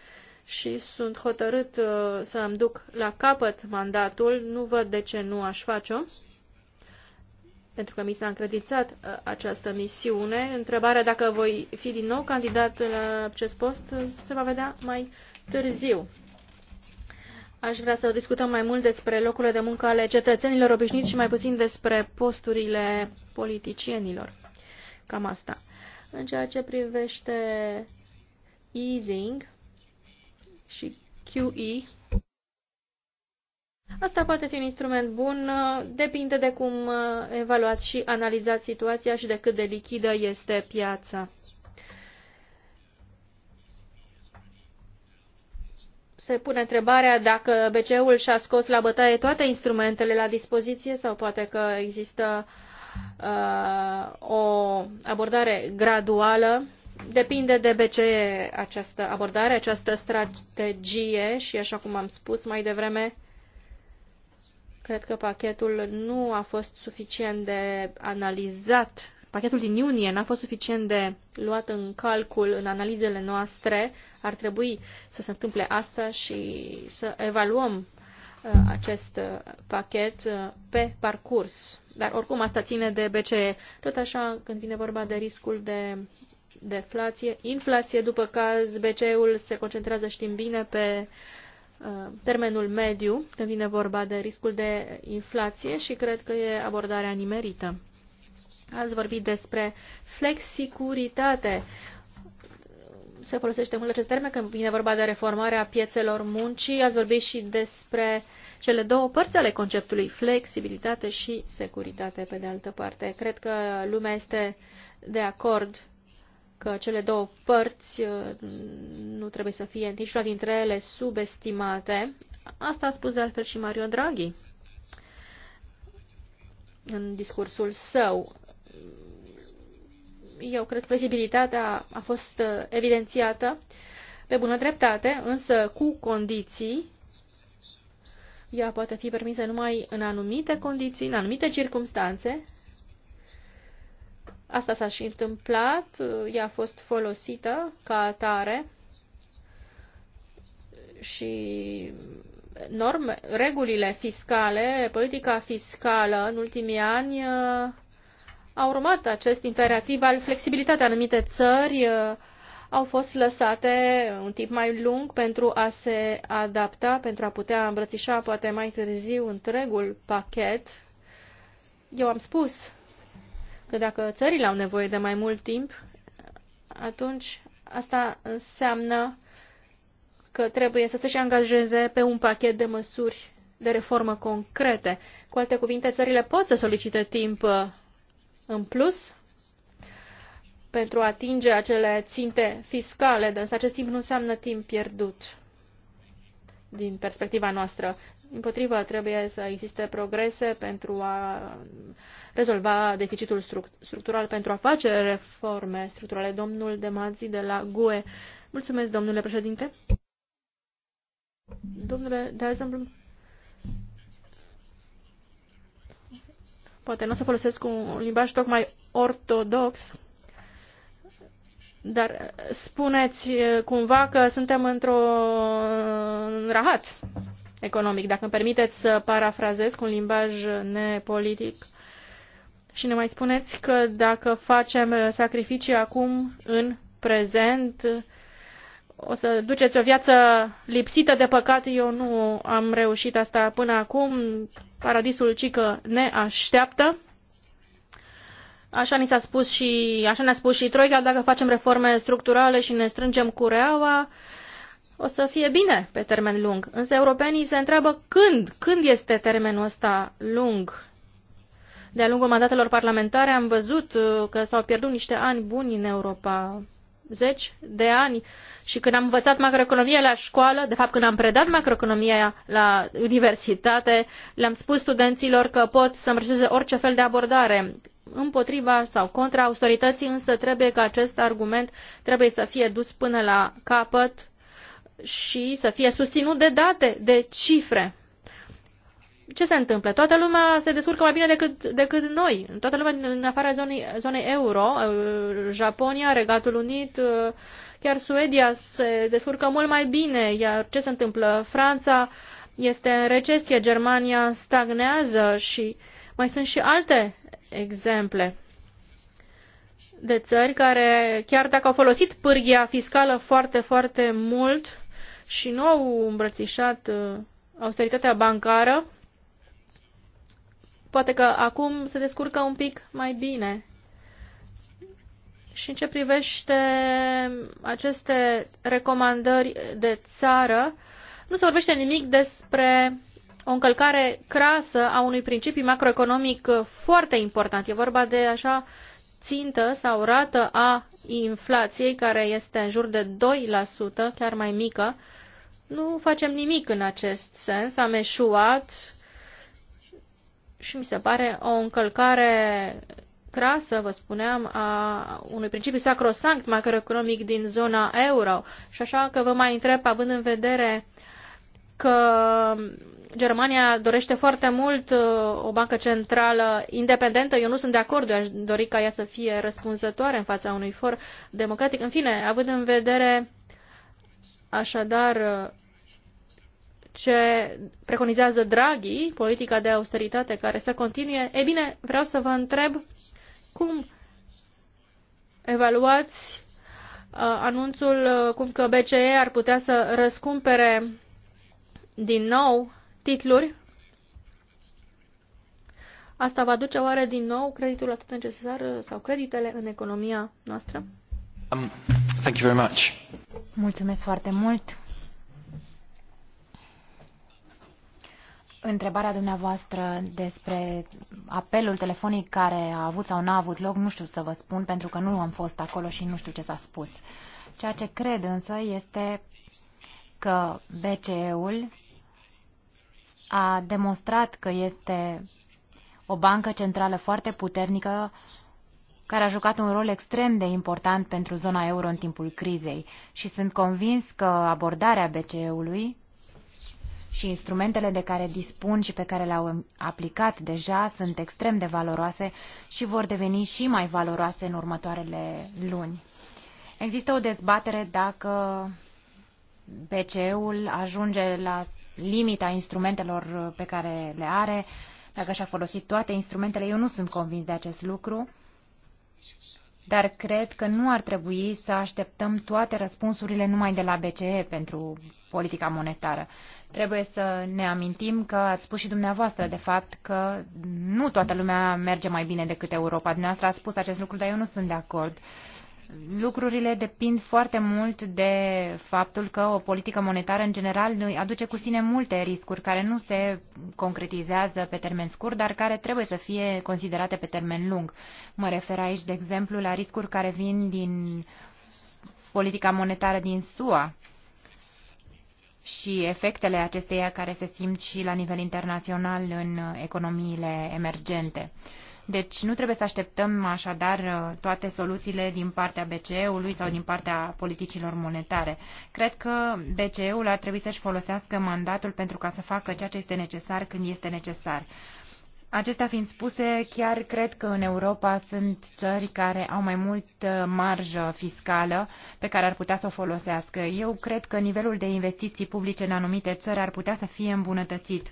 și sunt hotărât uh, să îmi duc la capăt mandatul. Nu văd de ce nu aș face-o, pentru că mi s-a încredițat uh, această misiune. Întrebarea dacă voi fi din nou candidat la acest post uh, se va vedea mai târziu. Aș vrea să discutăm mai mult despre locurile de muncă ale cetățenilor obișnuiți și mai puțin despre posturile politicienilor. Cam asta. În ceea ce privește easing și QE, asta poate fi un instrument bun, depinde de cum evaluați și analizați situația și de cât de lichidă este piața. se pune întrebarea dacă BCE-ul și-a scos la bătaie toate instrumentele la dispoziție sau poate că există uh, o abordare graduală. Depinde de BCE această abordare, această strategie și, așa cum am spus mai devreme, cred că pachetul nu a fost suficient de analizat pachetul din iunie n-a fost suficient de luat în calcul în analizele noastre, ar trebui să se întâmple asta și să evaluăm uh, acest uh, pachet uh, pe parcurs. Dar oricum asta ține de BCE. Tot așa când vine vorba de riscul de deflație, inflație, după caz BCE-ul se concentrează, știm bine, pe termenul mediu când vine vorba de riscul de inflație și cred că e abordarea nimerită. Ați vorbit despre flexicuritate. Se folosește mult acest termen când vine vorba de reformarea piețelor muncii. Ați vorbit și despre cele două părți ale conceptului, flexibilitate și securitate, pe de altă parte. Cred că lumea este de acord că cele două părți uh, nu trebuie să fie niciuna dintre ele subestimate. Asta a spus de altfel și Mario Draghi în discursul său eu cred că flexibilitatea a fost uh, evidențiată pe bună dreptate, însă cu condiții. Ea poate fi permisă numai în anumite condiții, în anumite circunstanțe. Asta s-a și întâmplat, ea a fost folosită ca atare și norme, regulile fiscale, politica fiscală în ultimii ani uh, a urmat acest imperativ al flexibilității. Anumite țări uh, au fost lăsate un timp mai lung pentru a se adapta, pentru a putea îmbrățișa poate mai târziu întregul pachet. Eu am spus că dacă țările au nevoie de mai mult timp, atunci asta înseamnă că trebuie să se-și angajeze pe un pachet de măsuri de reformă concrete. Cu alte cuvinte, țările pot să solicite timp uh, în plus pentru a atinge acele ținte fiscale, dar însă acest timp nu înseamnă timp pierdut din perspectiva noastră. Împotrivă, trebuie să existe progrese pentru a rezolva deficitul structural, pentru a face reforme structurale. Domnul Demazi de la GUE. Mulțumesc, domnule președinte. Domnule de exemplu. Poate nu o să folosesc un limbaj tocmai ortodox, dar spuneți eh, cumva că suntem într-o rahat economic, dacă îmi permiteți să parafrazez cu un limbaj nepolitic. Și ne mai spuneți că dacă facem sacrificii acum, în prezent, o să duceți o viață lipsită de păcat. Eu nu am reușit asta până acum. Paradisul cică ne așteaptă. Așa ni s-a spus și, așa ne-a spus și Troica, dacă facem reforme structurale și ne strângem cureaua, o să fie bine pe termen lung. Însă europenii se întreabă când, când este termenul ăsta lung. De-a lungul mandatelor parlamentare am văzut uh, că s-au pierdut niște ani buni în Europa zeci de ani și când am învățat macroeconomia la școală, de fapt când am predat macroeconomia la universitate, le-am spus studenților că pot să îmbrășeze orice fel de abordare împotriva sau contra autorității, însă trebuie că acest argument trebuie să fie dus până la capăt și să fie susținut de date, de cifre ce se întâmplă? Toată lumea se descurcă mai bine decât, decât noi. Toată lumea în afara zonei, zonei euro, uh, Japonia, Regatul Unit, uh, chiar Suedia se descurcă mult mai bine. Iar ce se întâmplă? Franța este în recesie, Germania stagnează și mai sunt și alte exemple de țări care, chiar dacă au folosit pârghia fiscală foarte, foarte mult și nu au îmbrățișat uh, austeritatea bancară, Poate că acum se descurcă un pic mai bine. Și în ce privește aceste recomandări de țară, nu se vorbește nimic despre o încălcare crasă a unui principiu macroeconomic foarte important. E vorba de așa țintă sau rată a inflației, care este în jur de 2%, chiar mai mică. Nu facem nimic în acest sens. Am eșuat și mi se pare o încălcare crasă, vă spuneam, a unui principiu sacrosanct macroeconomic din zona euro. Și așa că vă mai întreb, având în vedere că Germania dorește foarte mult uh, o bancă centrală independentă. Eu nu sunt de acord, eu aș dori ca ea să fie răspunzătoare în fața unui for democratic. În fine, având în vedere așadar ce preconizează Draghi, politica de austeritate care să continue, e bine, vreau să vă întreb cum evaluați uh, anunțul uh, cum că BCE ar putea să răscumpere din nou titluri. Asta va duce oare din nou creditul atât necesar uh, sau creditele în economia noastră? Um, thank you very much. Mulțumesc foarte mult. întrebarea dumneavoastră despre apelul telefonic care a avut sau n-a avut loc, nu știu să vă spun, pentru că nu am fost acolo și nu știu ce s-a spus. Ceea ce cred însă este că BCE-ul a demonstrat că este o bancă centrală foarte puternică care a jucat un rol extrem de important pentru zona euro în timpul crizei și sunt convins că abordarea BCE-ului și instrumentele de care dispun și pe care le-au aplicat deja sunt extrem de valoroase și vor deveni și mai valoroase în următoarele luni. Există o dezbatere dacă BCE-ul ajunge la limita instrumentelor pe care le are, dacă și-a folosit toate instrumentele. Eu nu sunt convins de acest lucru, dar cred că nu ar trebui să așteptăm toate răspunsurile numai de la BCE pentru politica monetară. Trebuie să ne amintim că ați spus și dumneavoastră, de fapt, că nu toată lumea merge mai bine decât Europa. Dumneavoastră ați spus acest lucru, dar eu nu sunt de acord. Lucrurile depind foarte mult de faptul că o politică monetară în general aduce cu sine multe riscuri care nu se concretizează pe termen scurt, dar care trebuie să fie considerate pe termen lung. Mă refer aici, de exemplu, la riscuri care vin din politica monetară din SUA, și efectele acesteia care se simt și la nivel internațional în uh, economiile emergente. Deci nu trebuie să așteptăm așadar uh, toate soluțiile din partea BCE-ului sau din partea politicilor monetare. Cred că BCE-ul ar trebui să-și folosească mandatul pentru ca să facă ceea ce este necesar când este necesar. Acestea fiind spuse, chiar cred că în Europa sunt țări care au mai mult uh, marjă fiscală pe care ar putea să o folosească. Eu cred că nivelul de investiții publice în anumite țări ar putea să fie îmbunătățit.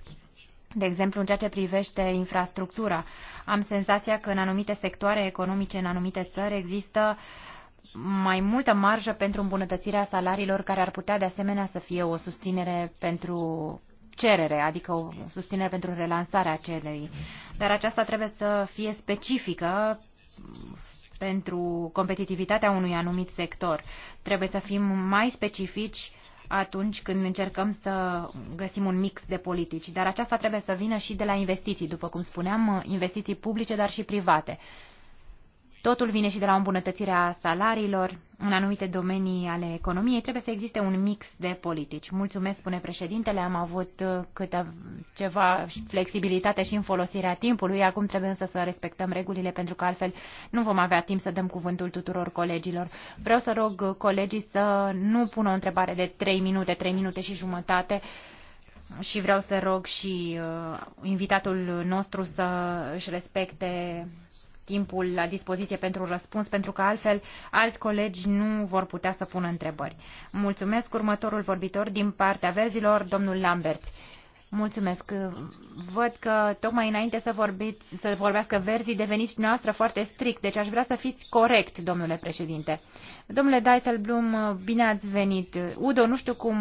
De exemplu, în ceea ce privește infrastructura, am senzația că în anumite sectoare economice, în anumite țări, există mai multă marjă pentru îmbunătățirea salariilor, care ar putea de asemenea să fie o susținere pentru cerere, adică o susținere pentru relansarea acelei. Dar aceasta trebuie să fie specifică pentru competitivitatea unui anumit sector. Trebuie să fim mai specifici atunci când încercăm să găsim un mix de politici. Dar aceasta trebuie să vină și de la investiții, după cum spuneam, investiții publice, dar și private. Totul vine și de la îmbunătățirea salariilor în anumite domenii ale economiei. Trebuie să existe un mix de politici. Mulțumesc, spune președintele, am avut uh, câte ceva flexibilitate și în folosirea timpului. Acum trebuie însă să respectăm regulile, pentru că altfel nu vom avea timp să dăm cuvântul tuturor colegilor. Vreau să rog uh, colegii să nu pună o întrebare de 3 minute, 3 minute și jumătate, și vreau să rog și uh, invitatul nostru să își respecte timpul la dispoziție pentru răspuns, pentru că altfel alți colegi nu vor putea să pună întrebări. Mulțumesc următorul vorbitor din partea verzilor, domnul Lambert. Mulțumesc. Văd că tocmai înainte să, vorbiți, să vorbească verzii deveniți noastră foarte strict, deci aș vrea să fiți corect, domnule președinte. Domnule Dijsselbloem, bine ați venit. Udo, nu știu cum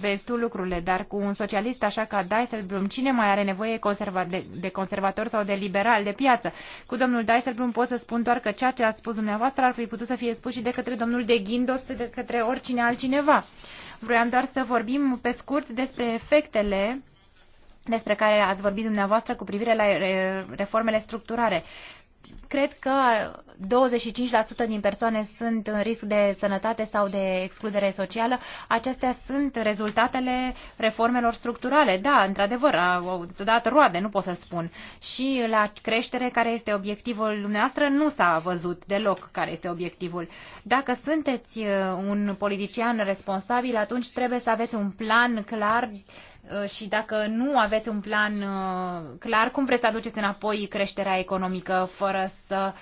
vezi tu lucrurile, dar cu un socialist așa ca Dijsselbloem, cine mai are nevoie conserva de, de conservator sau de liberal de piață? Cu domnul Dijsselbloem pot să spun doar că ceea ce a spus dumneavoastră ar fi putut să fie spus și de către domnul de Ghindos, de către oricine altcineva. Vroiam doar să vorbim pe scurt despre efectele despre care ați vorbit dumneavoastră cu privire la eh, reformele structurare. Cred că 25% din persoane sunt în risc de sănătate sau de excludere socială. Acestea sunt rezultatele reformelor structurale. Da, într-adevăr, au dat roade, nu pot să spun. Și la creștere, care este obiectivul dumneavoastră, nu s-a văzut deloc care este obiectivul. Dacă sunteți eh, un politician responsabil, atunci trebuie să aveți un plan clar Uh, și dacă nu aveți un plan uh, clar, cum vreți să aduceți înapoi creșterea economică fără să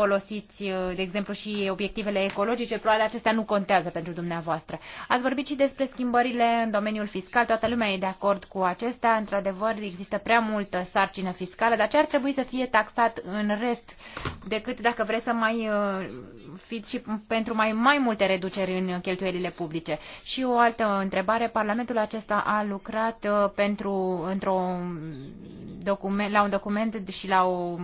folosiți, uh, de exemplu, și obiectivele ecologice, probabil acestea nu contează pentru dumneavoastră. Ați vorbit și despre schimbările în domeniul fiscal, toată lumea e de acord cu acestea, într-adevăr există prea multă sarcină fiscală, dar ce ar trebui să fie taxat în rest decât dacă vreți să mai uh, fiți și pentru mai, mai multe reduceri în cheltuielile publice? Și o altă întrebare, Parlamentul acesta a lucrat uh, pentru, într-o document, la un document și la o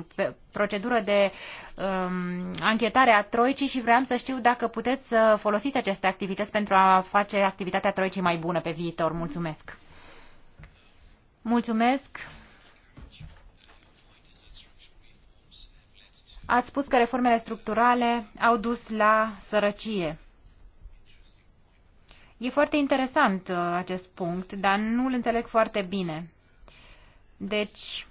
procedură de um, anchetare a Troicii și vreau să știu dacă puteți să folosiți aceste activități pentru a face activitatea Troicii mai bună pe viitor. Mulțumesc! Mulțumesc! Ați spus că reformele structurale au dus la sărăcie. E foarte interesant uh, acest punct, dar nu îl înțeleg foarte bine. Deci,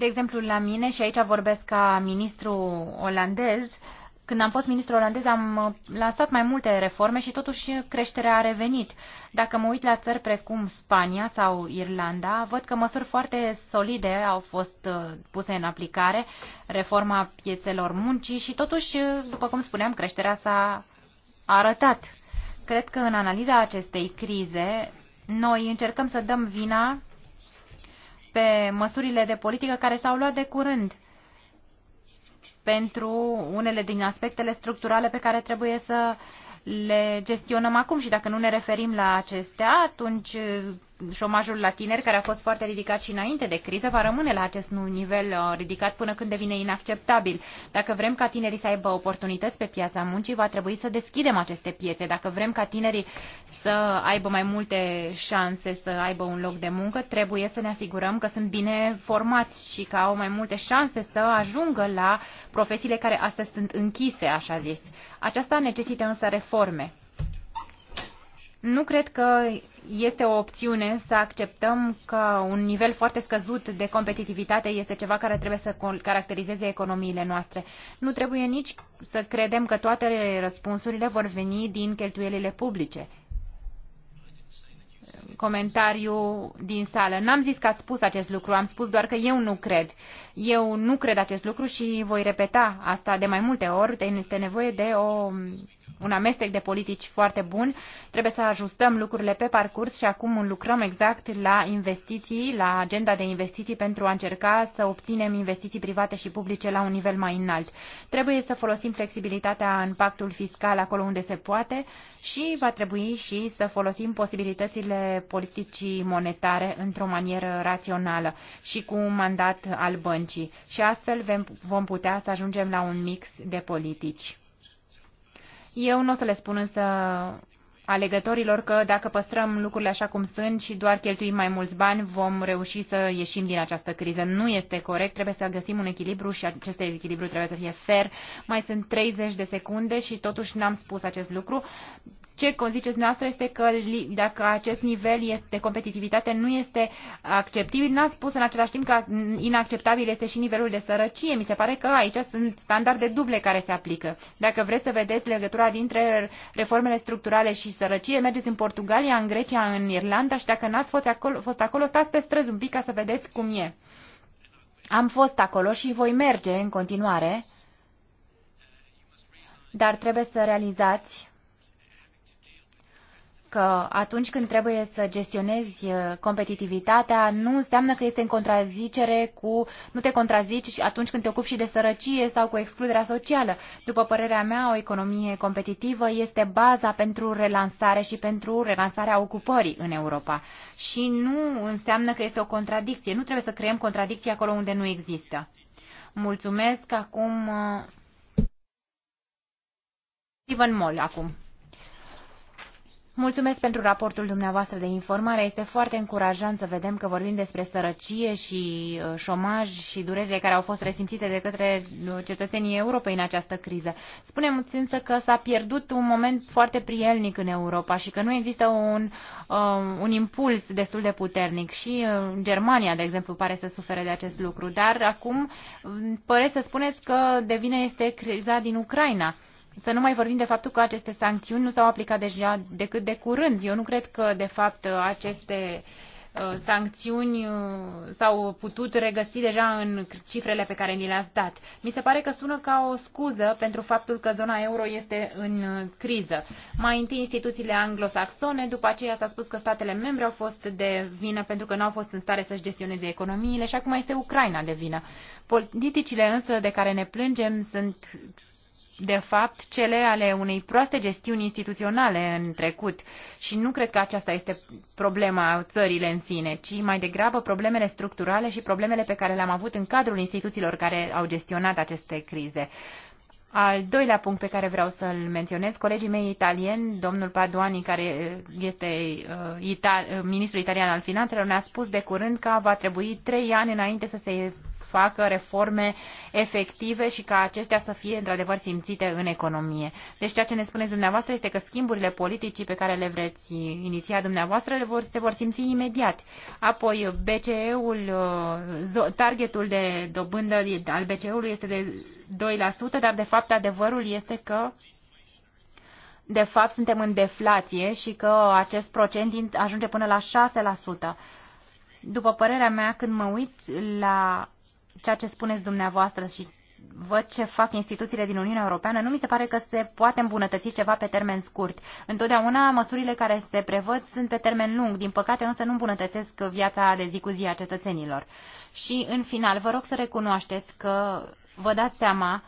De exemplu, la mine, și aici vorbesc ca ministru olandez, când am fost ministru olandez am uh, lansat mai multe reforme și totuși creșterea a revenit. Dacă mă uit la țări precum Spania sau Irlanda, văd că măsuri foarte solide au fost uh, puse în aplicare, reforma piețelor muncii și totuși, uh, după cum spuneam, creșterea s-a arătat. Cred că în analiza acestei crize noi încercăm să dăm vina pe măsurile de politică care s-au luat de curând pentru unele din aspectele structurale pe care trebuie să le gestionăm acum și dacă nu ne referim la acestea, atunci șomajul la tineri, care a fost foarte ridicat și înainte de criză, va rămâne la acest nivel uh, ridicat până când devine inacceptabil. Dacă vrem ca tinerii să aibă oportunități pe piața muncii, va trebui să deschidem aceste piețe. Dacă vrem ca tinerii să aibă mai multe șanse să aibă un loc de muncă, trebuie să ne asigurăm că sunt bine formați și că au mai multe șanse să ajungă la profesiile care astăzi sunt închise, așa zis. Aceasta necesită însă reforme. Nu cred că este o opțiune să acceptăm că un nivel foarte scăzut de competitivitate este ceva care trebuie să caracterizeze economiile noastre. Nu trebuie nici să credem că toate răspunsurile vor veni din cheltuielile publice. Comentariu din sală. N-am zis că ați spus acest lucru, am spus doar că eu nu cred. Eu nu cred acest lucru și voi repeta asta de mai multe ori. Este nevoie de o un amestec de politici foarte bun. Trebuie să ajustăm lucrurile pe parcurs și acum lucrăm exact la investiții, la agenda de investiții pentru a încerca să obținem investiții private și publice la un nivel mai înalt. Trebuie să folosim flexibilitatea în pactul fiscal acolo unde se poate și va trebui și să folosim posibilitățile politicii monetare într-o manieră rațională și cu un mandat al băncii. Și astfel vom putea să ajungem la un mix de politici. Eu nu o să le spun însă alegătorilor că dacă păstrăm lucrurile așa cum sunt și doar cheltuim mai mulți bani, vom reuși să ieșim din această criză. Nu este corect, trebuie să găsim un echilibru și acest echilibru trebuie să fie fair. Mai sunt 30 de secunde și totuși n-am spus acest lucru. Ce conziceți noastră este că dacă acest nivel este, de competitivitate nu este acceptabil, n am spus în același timp că inacceptabil este și nivelul de sărăcie. Mi se pare că aici sunt standarde duble care se aplică. Dacă vreți să vedeți legătura dintre reformele structurale și sărăcie, mergeți în Portugalia, în Grecia, în Irlanda și dacă n-ați fost acolo, fost acolo, stați pe străzi un pic ca să vedeți cum e. Am fost acolo și voi merge în continuare, dar trebuie să realizați că atunci când trebuie să gestionezi uh, competitivitatea, nu înseamnă că este în contrazicere cu, nu te contrazici atunci când te ocupi și de sărăcie sau cu excluderea socială. După părerea mea, o economie competitivă este baza pentru relansare și pentru relansarea ocupării în Europa. Și nu înseamnă că este o contradicție. Nu trebuie să creăm contradicții acolo unde nu există. Mulțumesc acum uh, Steven Moll acum. Mulțumesc pentru raportul dumneavoastră de informare. Este foarte încurajant să vedem că vorbim despre sărăcie și uh, șomaj și durerile care au fost resimțite de către uh, cetățenii Europei în această criză. Spunem însă că s-a pierdut un moment foarte prielnic în Europa și că nu există un, uh, un impuls destul de puternic. Și Germania, de exemplu, pare să sufere de acest lucru. Dar acum pare să spuneți că devine este criza din Ucraina. Să nu mai vorbim de faptul că aceste sancțiuni nu s-au aplicat deja decât de curând. Eu nu cred că, de fapt, aceste uh, sancțiuni uh, s-au putut regăsi deja în cifrele pe care ni le-ați dat. Mi se pare că sună ca o scuză pentru faptul că zona euro este în uh, criză. Mai întâi instituțiile anglosaxone, după aceea s-a spus că statele membre au fost de vină pentru că nu au fost în stare să-și gestioneze economiile și acum este Ucraina de vină. Politicile însă de care ne plângem sunt de fapt, cele ale unei proaste gestiuni instituționale în trecut. Și nu cred că aceasta este problema țările în sine, ci mai degrabă problemele structurale și problemele pe care le-am avut în cadrul instituțiilor care au gestionat aceste crize. Al doilea punct pe care vreau să-l menționez, colegii mei italieni, domnul Paduani, care este uh, ita- uh, ministrul italian al finanțelor, ne-a spus de curând că va trebui trei ani înainte să se facă reforme efective și ca acestea să fie într-adevăr simțite în economie. Deci ceea ce ne spuneți dumneavoastră este că schimburile politicii pe care le vreți iniția dumneavoastră le vor, se vor simți imediat. Apoi BCE-ul, uh, targetul de dobândă al BCE-ului este de 2%, dar de fapt adevărul este că de fapt suntem în deflație și că acest procent ajunge până la 6%. După părerea mea, când mă uit la ceea ce spuneți dumneavoastră și văd ce fac instituțiile din Uniunea Europeană, nu mi se pare că se poate îmbunătăți ceva pe termen scurt. Întotdeauna măsurile care se prevăd sunt pe termen lung, din păcate însă nu îmbunătățesc viața de zi cu zi a cetățenilor. Și în final, vă rog să recunoașteți că vă dați seama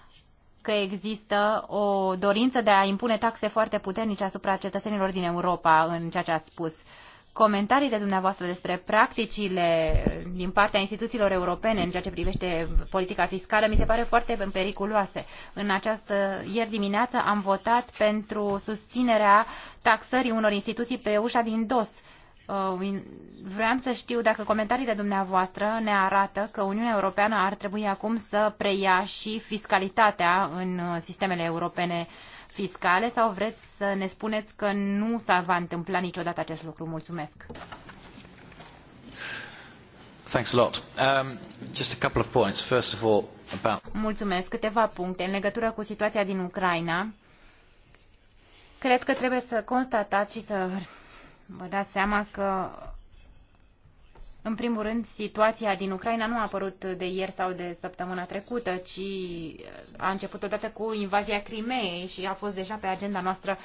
că există o dorință de a impune taxe foarte puternice asupra cetățenilor din Europa în ceea ce ați spus. Uh, comentariile dumneavoastră despre practicile din partea instituțiilor europene în ceea ce privește politica fiscală mi se pare foarte periculoase. În această ieri dimineață am votat pentru susținerea taxării unor instituții pe ușa din dos. Uh, vreau să știu dacă comentariile dumneavoastră ne arată că Uniunea Europeană ar trebui acum să preia și fiscalitatea în uh, sistemele europene uh, fiscale sau vreți să ne spuneți că nu s-a va întâmpla niciodată acest lucru? Mulțumesc! Thanks a lot. Um, just a couple of points. First of all, about... Mulțumesc. Câteva puncte. În legătură cu situația din Ucraina, cred că trebuie să constatați și să vă dați seama că în primul rând, situația din Ucraina nu a apărut de ieri sau de săptămâna trecută, ci uh, a început odată cu invazia Crimeei și a fost deja pe agenda noastră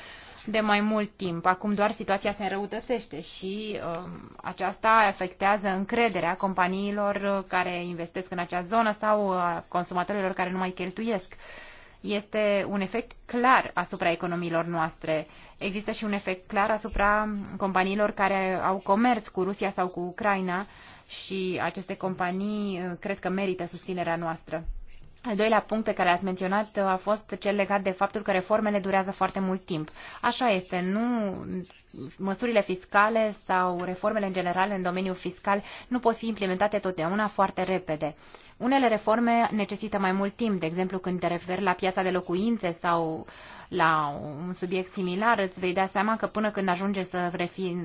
de mai mult timp. Acum doar situația se înrăutățește și uh, aceasta afectează încrederea companiilor uh, care investesc în acea zonă sau a consumatorilor care nu mai cheltuiesc. Uh, este un efect clar asupra economiilor noastre. Există și un efect clar asupra companiilor care au comerț cu Rusia sau cu Ucraina și aceste companii uh, cred că merită susținerea noastră. Al doilea punct pe care l-ați menționat uh, a fost cel legat de faptul că reformele durează foarte mult timp. Așa este, nu măsurile fiscale sau reformele în general în domeniul fiscal nu pot fi implementate totdeauna foarte repede. Uh, unele reforme necesită mai mult timp, de exemplu când te referi la piața de locuințe sau la un subiect similar, îți vei da seama că până când ajunge să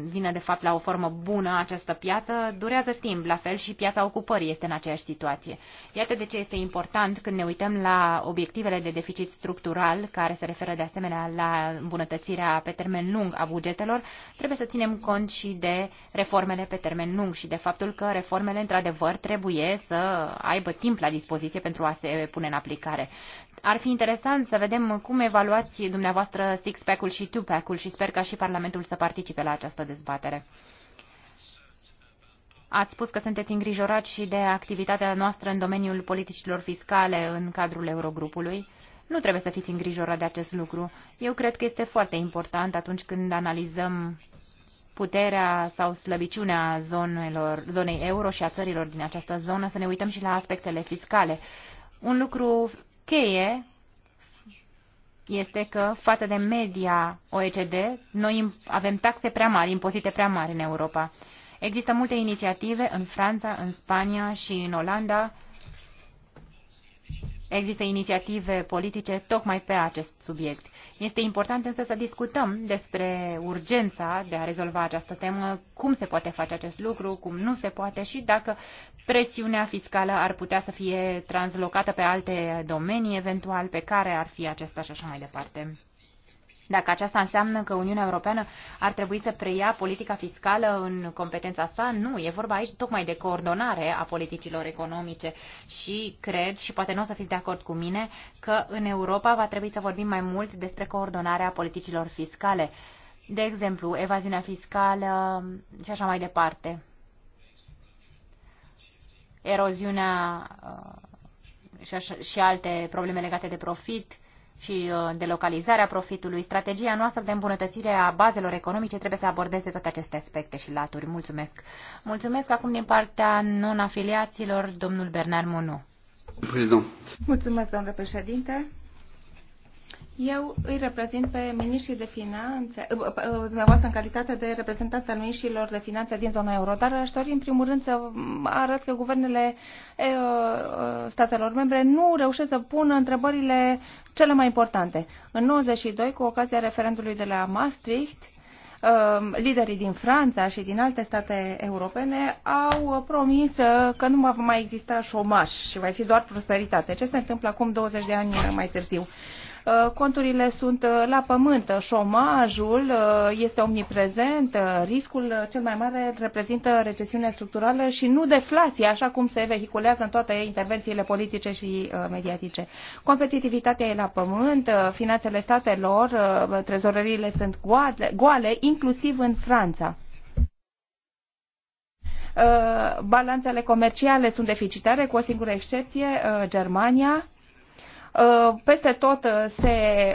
vină de fapt la o formă bună această piață, durează timp. La fel și piața ocupării este în aceeași situație. Iată de ce este important când ne uităm la obiectivele de deficit structural, care se referă de asemenea la îmbunătățirea pe termen lung a bugetelor, trebuie să ținem cont și de reformele pe termen lung și de faptul că reformele într-adevăr trebuie să aibă aibă timp la dispoziție pentru a se pune în aplicare. Ar fi interesant să vedem cum evaluați dumneavoastră six-pack-ul și two-pack-ul și sper ca și Parlamentul să participe la această dezbatere. Ați spus că sunteți îngrijorați și de activitatea noastră în domeniul politicilor fiscale în cadrul Eurogrupului. Nu trebuie să fiți îngrijorat de acest lucru. Eu cred că este foarte important atunci când analizăm puterea sau slăbiciunea zonelor, zonei euro și a țărilor din această zonă, să ne uităm și la aspectele fiscale. Un lucru cheie este că față de media OECD, noi avem taxe prea mari, impozite prea mari în Europa. Există multe inițiative în Franța, în Spania și în Olanda Există inițiative politice tocmai pe acest subiect. Este important însă să discutăm despre urgența de a rezolva această temă, cum se poate face acest lucru, cum nu se poate și dacă presiunea fiscală ar putea să fie translocată pe alte domenii, eventual pe care ar fi acesta și așa mai departe. Dacă aceasta înseamnă că Uniunea Europeană ar trebui să preia politica fiscală în competența sa, nu. E vorba aici tocmai de coordonare a politicilor economice și cred, și poate nu o să fiți de acord cu mine, că în Europa va trebui să vorbim mai mult despre coordonarea politicilor fiscale. De exemplu, evaziunea fiscală și așa mai departe. Eroziunea uh, și, așa, și alte probleme legate de profit și uh, de localizarea profitului, strategia noastră de îmbunătățire a bazelor economice trebuie să abordeze toate aceste aspecte și laturi. Mulțumesc. Mulțumesc acum din partea non-afiliaților, domnul Bernard Monu. Mulțumesc, domnule președinte. Eu îi reprezint pe miniștrii de finanțe, ă, ă, ă, dumneavoastră în calitate de reprezentanță al miniștrilor de finanțe din zona euro, dar aș dori în primul rând să arăt că guvernele statelor membre nu reușesc să pună întrebările cele mai importante. În 92, cu ocazia referendului de la Maastricht, liderii din Franța și din alte state europene au promis că nu va mai exista șomaș și va fi doar prosperitate. Ce se întâmplă acum 20 de ani mai târziu? Uh, conturile sunt uh, la pământ, șomajul uh, este omniprezent, riscul cel mai mare reprezintă recesiunea structurală și nu deflația, așa cum se vehiculează în toate intervențiile politice și mediatice. Competitivitatea e la pământ, finanțele statelor, trezorările sunt goale, goale inclusiv în Franța balanțele comerciale sunt deficitare, cu o singură excepție, Germania. Uh, peste tot uh, se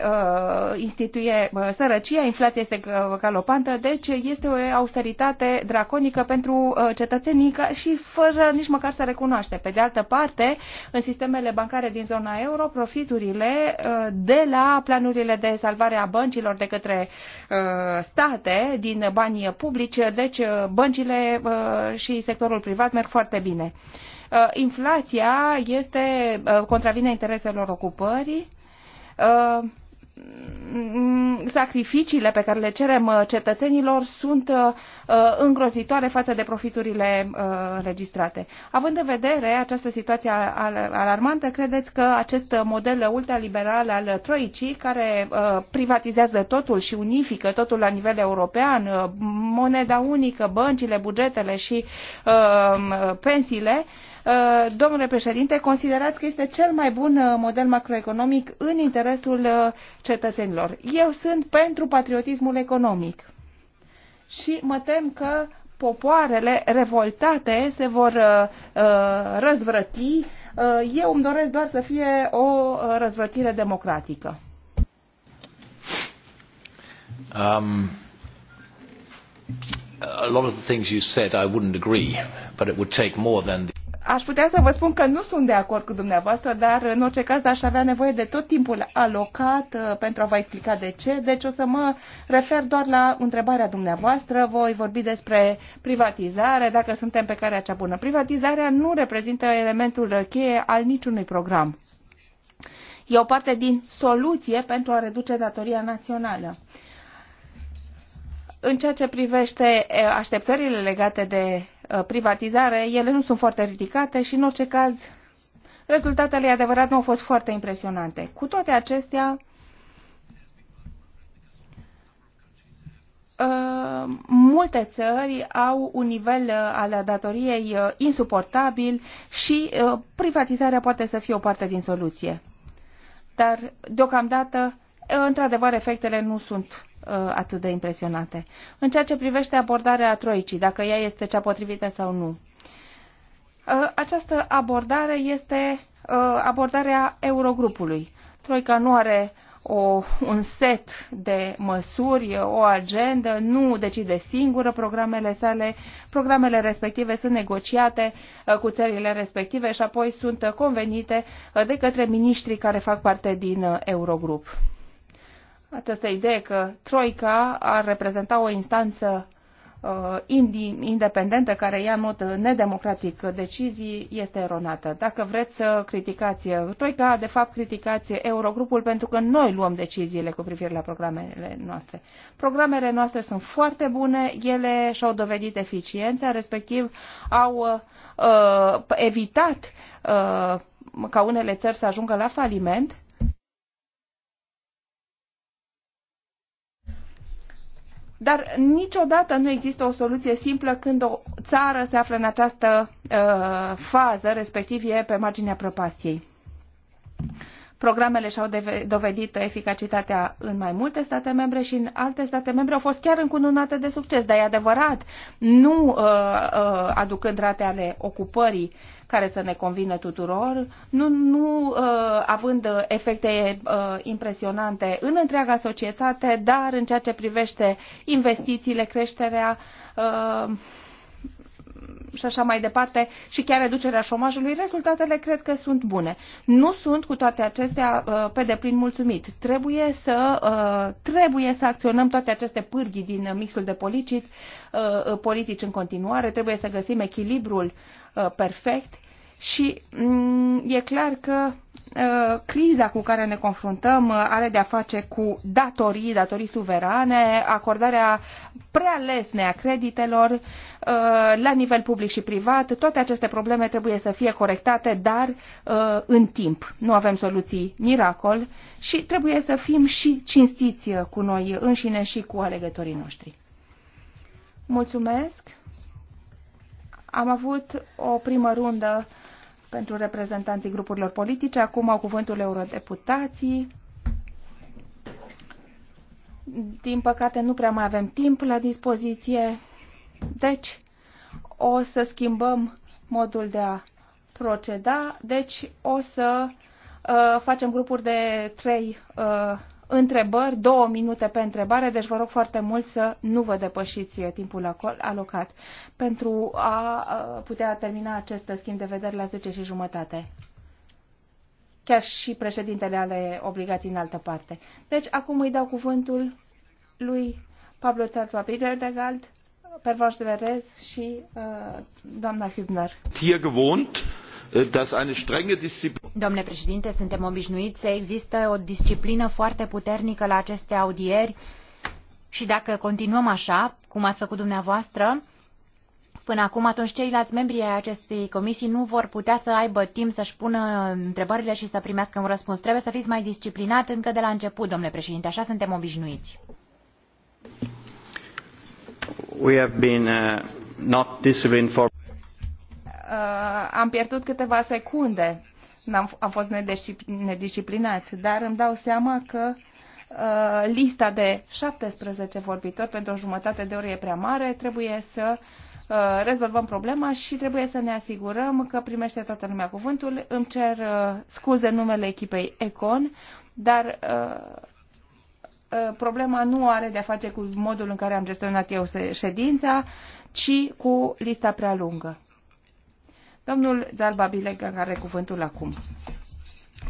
uh, instituie sărăcia, inflația este galopantă, deci este o austeritate draconică pentru cetățenii și fără nici măcar să recunoaște. Pe de altă parte, în sistemele bancare din zona euro, profiturile de la planurile de salvare a băncilor de către state din banii publici, deci băncile și sectorul privat merg foarte bine. Uh, inflația este, uh, contravine intereselor ocupării, uh, mm, sacrificiile pe care le cerem cetățenilor sunt îngrozitoare față de profiturile înregistrate. Având în vedere această situație alarmantă, credeți că acest model ultraliberal al Troicii, care privatizează totul și unifică totul la nivel european, moneda unică, băncile, bugetele și pensiile, Uh, domnule președinte, considerați că este cel mai bun uh, model macroeconomic în interesul uh, cetățenilor. Eu sunt pentru patriotismul economic și mă tem că popoarele revoltate se vor răzvrăti. eu îmi doresc doar să fie o răzvrătire democratică. Um, a lot of the things you said I wouldn't agree, but it would take more than the Aș putea să vă spun că nu sunt de acord cu dumneavoastră, dar în orice caz aș avea nevoie de tot timpul alocat uh, pentru a vă explica de ce. Deci o să mă refer doar la întrebarea dumneavoastră. Voi vorbi despre privatizare, dacă suntem pe care cea bună. Privatizarea nu reprezintă elementul cheie al niciunui program. E o parte din soluție pentru a reduce datoria națională în ceea ce privește așteptările legate de privatizare, ele nu sunt foarte ridicate și, în orice caz, rezultatele, adevărat, nu au fost foarte impresionante. Cu toate acestea, multe țări au un nivel al datoriei insuportabil și privatizarea poate să fie o parte din soluție. Dar, deocamdată, într-adevăr, efectele nu sunt uh, atât de impresionate. În ceea ce privește abordarea troicii, dacă ea este cea potrivită sau nu, uh, această abordare este uh, abordarea Eurogrupului. Troica nu are o, un set de măsuri, o agendă, nu decide singură programele sale. Programele respective sunt negociate cu țările respective și apoi sunt convenite de către miniștrii care fac parte din Eurogrup această idee că Troica ar reprezenta o instanță uh, independentă care ia în mod nedemocratic decizii este eronată. Dacă vreți să criticați Troica, de fapt criticați Eurogrupul pentru că noi luăm deciziile cu privire la programele noastre. Programele noastre sunt foarte bune, ele și-au dovedit eficiența, respectiv au uh, uh evitat uh, ca unele țări să ajungă la faliment Dar niciodată nu există o soluție simplă când o țară se află în această uh, fază, respectiv e pe marginea prăpastiei. Programele și-au dovedit eficacitatea în mai multe state membre și în alte state membre au fost chiar încununate de succes, dar e adevărat, nu uh, uh, aducând rate ale ocupării care să ne convină tuturor, nu, nu uh, având efecte uh, impresionante în întreaga societate, dar în ceea ce privește investițiile, creșterea, uh, și așa mai departe și chiar reducerea șomajului, rezultatele cred că sunt bune. Nu sunt cu toate acestea uh, pe deplin mulțumit. Trebuie să, uh, trebuie să acționăm toate aceste pârghii din mixul de politici, uh, politici în continuare, trebuie să găsim echilibrul perfect și mm, e clar că Uh, criza cu care ne confruntăm uh, are de a face cu datorii, datorii suverane, acordarea prea lesne a creditelor uh, la nivel public și privat. Toate aceste probleme trebuie să fie corectate, dar în timp. Nu avem soluții miracol și trebuie să fim și cinstiți cu noi înșine și cu alegătorii noștri. Mulțumesc! Am avut o primă rundă pentru reprezentanții grupurilor politice. Acum au cuvântul eurodeputații. Din păcate nu prea mai avem timp la dispoziție, deci o să schimbăm modul de a proceda, deci o să uh, facem grupuri de trei uh, întrebări, două minute pe întrebare, deci vă rog foarte mult să nu vă depășiți timpul alocat pentru a putea termina acest schimb de vedere la 10 și jumătate. Chiar și președintele ale obligații în altă parte. Deci acum îi dau cuvântul lui Pablo Tartua Piderdegald, Pervaș de Verez și uh, doamna Hübner. Hier gewohnt, Äh, domnule președinte, suntem obișnuiți să existe o disciplină foarte puternică la aceste audieri și dacă continuăm așa, cum ați făcut dumneavoastră, Până acum, atunci ceilalți membri ai acestei comisii nu vor putea să aibă timp să-și pună întrebările și să primească un răspuns. Trebuie să fiți mai disciplinat încă de la început, domnule președinte. Așa suntem obișnuiți. We have been, uh, not disciplined for... Uh, am pierdut câteva secunde. Am, am fost nedisciplinați, dar îmi dau seama că uh, lista de 17 vorbitori pentru o jumătate de oră e prea mare, trebuie să uh, rezolvăm problema și trebuie să ne asigurăm că primește toată lumea cuvântul. Îmi cer uh, scuze numele echipei Econ, dar uh, uh, problema nu are de-a face cu modul în care am gestionat eu ședința, ci cu lista prea lungă. Domnul Zalba are cuvântul acum.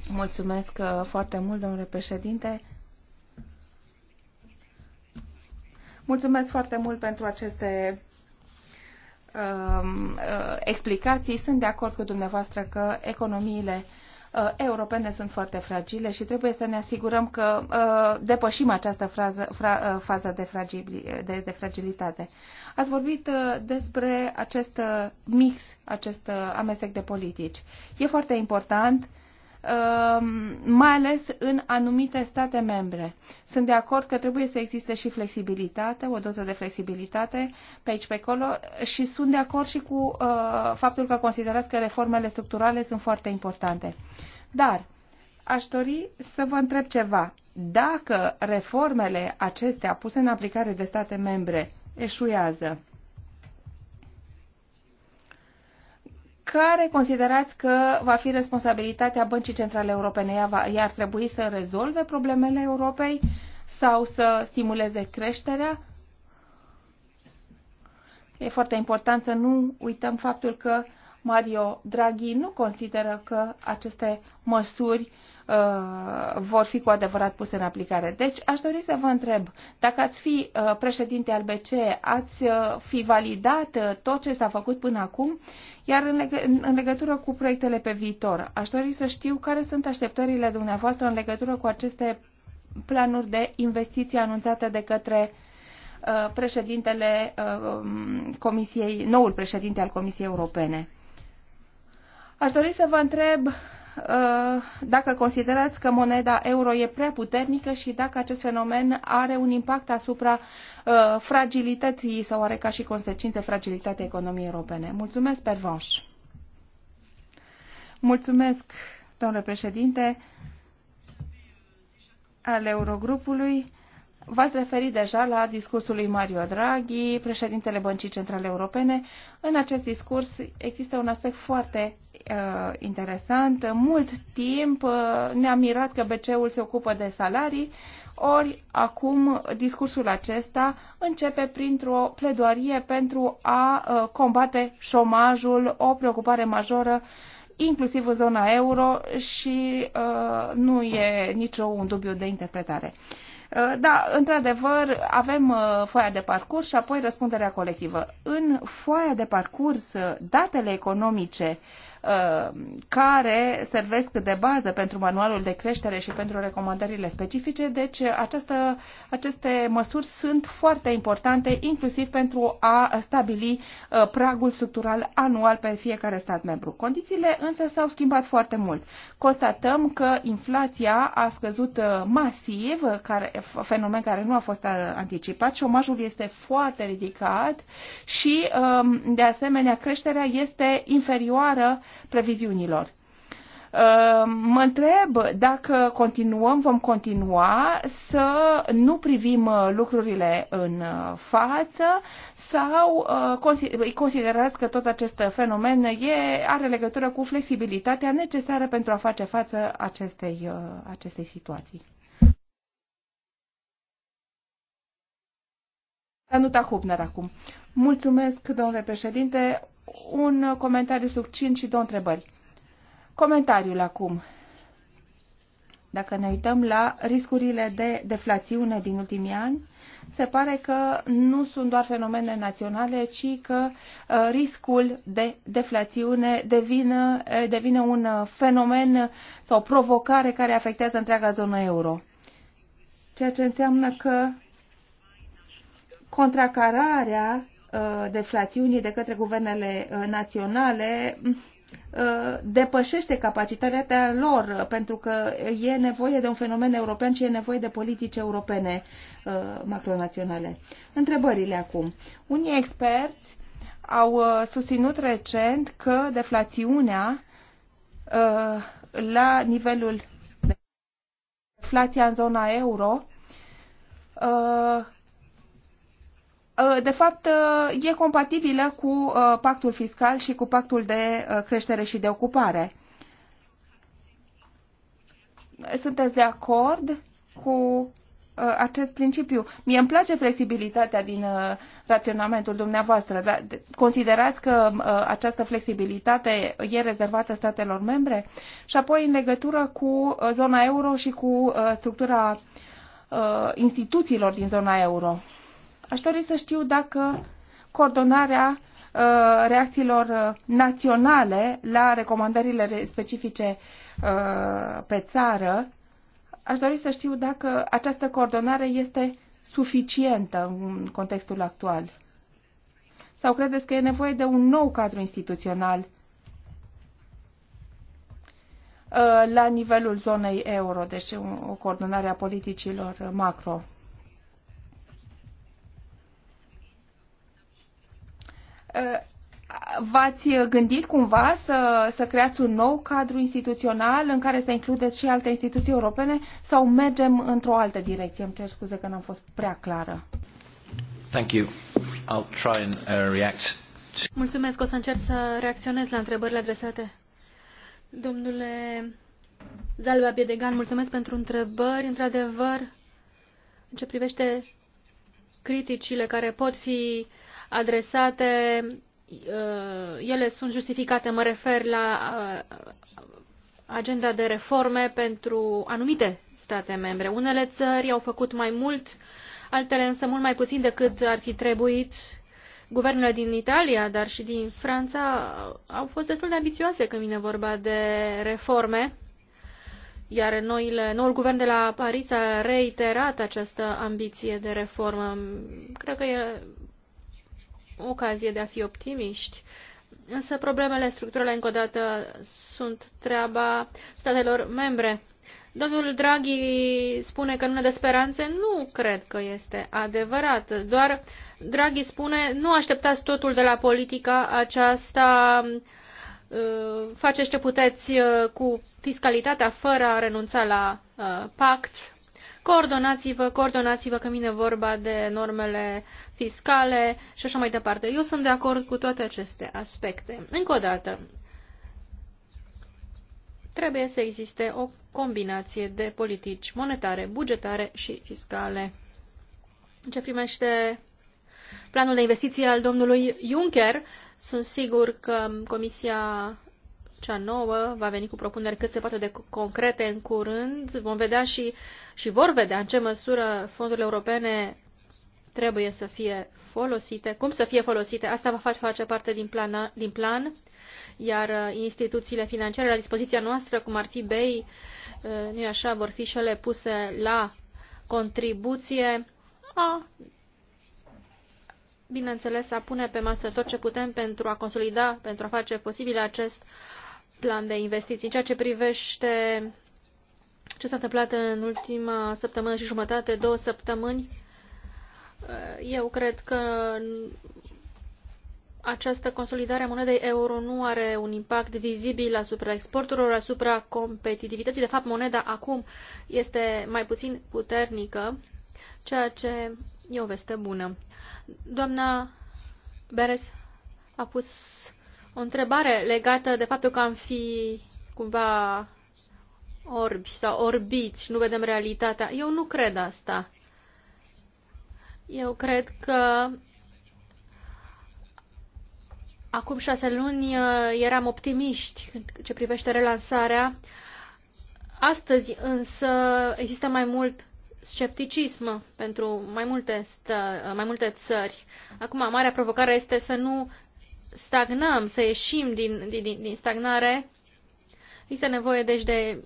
Mulțumesc uh, foarte mult, domnule președinte. Mulțumesc foarte mult pentru aceste um, uh, explicații. Sunt de acord cu dumneavoastră că economiile uh, europene sunt foarte fragile și trebuie să ne asigurăm că uh, depășim această frază, fra, uh, fază de, fragil, de, de fragilitate. Ați vorbit uh, despre acest uh, mix, acest uh, amestec de politici. E foarte important mai ales în anumite state membre. Sunt de acord că trebuie să existe și flexibilitate, o doză de flexibilitate pe aici, pe acolo și sunt de acord și cu faptul că considerați că reformele structurale sunt foarte importante. Dar aș dori să vă întreb ceva. Dacă reformele acestea puse în aplicare de state membre eșuează. Care considerați că va fi responsabilitatea Băncii Centrale Europene? Ea, va, ea ar trebui să rezolve problemele Europei sau să stimuleze creșterea? E foarte important să nu uităm faptul că Mario Draghi nu consideră că aceste măsuri uh, Uh, vor fi cu adevărat puse în aplicare. Deci aș dori să vă întreb, dacă ați fi uh, președinte al BCE, ați uh, fi validat tot ce s-a făcut până acum, iar în, leg- în legătură cu proiectele pe viitor, aș dori să știu care sunt așteptările dumneavoastră în legătură cu aceste planuri de investiții anunțate de către președintele um, Comisiei, noul președinte al Comisiei Europene. Aș dori să vă întreb Uh, dacă considerați că moneda euro e prea puternică și dacă acest fenomen are un impact asupra uh, fragilității sau are ca și consecințe fragilitatea economiei europene. Mulțumesc, Pervanș. Mulțumesc, domnule președinte al Eurogrupului. V-ați referit deja la discursul lui Mario Draghi, președintele Băncii Centrale Europene. În acest discurs există un aspect foarte uh, interesant. Mult timp uh, ne-am mirat că BCE-ul se ocupă de salarii, ori acum discursul acesta începe printr-o pledoarie pentru a uh, combate șomajul, o preocupare majoră inclusiv în zona euro și uh, nu e niciun dubiu de interpretare. Uh, Uh, da, într-adevăr, avem uh, foaia de parcurs și apoi răspunderea colectivă. În foaia de parcurs, uh, datele economice Uh, care servesc de bază pentru manualul de creștere și pentru recomandările specifice. Deci această, aceste măsuri sunt foarte importante, inclusiv pentru a stabili uh, pragul structural anual pe fiecare stat membru. Condițiile însă s-au schimbat foarte mult. Constatăm că inflația a scăzut uh, masiv, care, fenomen care nu a fost anticipat, șomajul este foarte ridicat și, um, de asemenea, creșterea este inferioară previziunilor. Ă, mă întreb dacă continuăm, vom continua să nu privim ă, lucrurile în ă, față sau considerați că tot acest fenomen e, are legătură cu flexibilitatea necesară pentru a face față acestei, acestei situații. Danuta Hubner acum. Mulțumesc, domnule președinte un comentariu succint și două întrebări. Comentariul acum. Dacă ne uităm la riscurile de deflațiune din ultimii ani, se pare că nu sunt doar fenomene naționale, ci că uh, riscul de deflațiune devine, uh, devine un uh, fenomen sau provocare care afectează întreaga zonă euro. Ceea ce înseamnă că contracararea Uh, deflațiunii de către guvernele uh, naționale uh, depășește capacitatea lor, pentru că e nevoie de un fenomen european și e nevoie de politici europene macronaționale. Întrebările acum. Unii experți au susținut recent că deflațiunea la nivelul de în zona euro Uh, de fapt, uh, e compatibilă cu uh, pactul fiscal și cu pactul de creștere și de ocupare. Sunteți de acord cu acest principiu? Mie îmi place flexibilitatea din raționamentul dumneavoastră, dar considerați că această flexibilitate e rezervată statelor membre? Și apoi, în legătură cu zona euro și cu structura instituțiilor din zona euro. Aș dori să știu dacă coordonarea uh, reacțiilor uh, naționale la recomandările specifice uh, pe țară. Aș dori să știu dacă această coordonare este suficientă în contextul actual. Sau credeți că e nevoie de un nou cadru instituțional la nivelul zonei euro, deci o coordonare a politicilor macro? Uh, v-ați gândit cumva să, să creați un nou cadru instituțional în care să includeți și alte instituții europene sau mergem într-o altă direcție? Îmi cer scuze că n-am fost prea clară. Thank you. I'll try and uh, react. Mulțumesc. O să încerc să reacționez la întrebările adresate. Domnule Zalba Biedegan, mulțumesc pentru întrebări. Într-adevăr, în ce privește criticile care pot fi uh, adresate, uh, ele sunt justificate, mă refer la uh, agenda de reforme pentru anumite state membre. Unele țări au făcut mai mult, altele însă mult mai puțin decât ar fi trebuit. Guvernele din Italia, dar și din Franța au fost destul de ambițioase când vine vorba de reforme, iar noile, noul guvern de la Paris a reiterat această ambiție de reformă. Cred că e ocazie de a fi optimiști. Însă problemele structurale, încă o dată, sunt treaba statelor membre. Domnul Draghi spune că nu de speranțe. Nu cred că este adevărat. Doar Draghi spune nu așteptați totul de la politica aceasta, uh, faceți ce puteți uh, cu fiscalitatea fără a renunța la uh, pact, coordonați-vă, coordonați-vă când vine vorba de normele fiscale și așa mai departe. Eu sunt de acord cu toate aceste aspecte. Încă o dată, trebuie să existe o combinație de politici monetare, bugetare și fiscale. Ce primește planul de investiții al domnului Juncker, sunt sigur că Comisia cea nouă va veni cu propuneri cât se poate de concrete în curând. Vom vedea și, și vor vedea în ce măsură fondurile europene trebuie să fie folosite, cum să fie folosite. Asta va face, face parte din, plana, din plan, iar uh, instituțiile financiare la dispoziția noastră, cum ar fi BEI, uh, nu așa, vor fi și ele puse la contribuție. A, bineînțeles, a pune pe masă tot ce putem pentru a consolida, pentru a face posibil acest uh, plan de investiții. În ceea ce privește ce s-a întâmplat în ultima săptămână și jumătate, două săptămâni, eu cred că această consolidare a monedei euro nu are un impact vizibil asupra exporturilor, asupra competitivității. De fapt, moneda acum este mai puțin puternică, ceea ce e o veste bună. Doamna Beres a pus o întrebare legată de faptul că am fi cumva orbi sau orbiți și nu vedem realitatea. Eu nu cred asta. Eu cred că acum șase luni uh, eram optimiști ce privește relansarea. Astăzi însă există mai mult scepticism pentru mai multe, stă, mai multe țări. Acum, marea provocare este să nu stagnăm, să ieșim din, din, din stagnare. Este nevoie, deci, de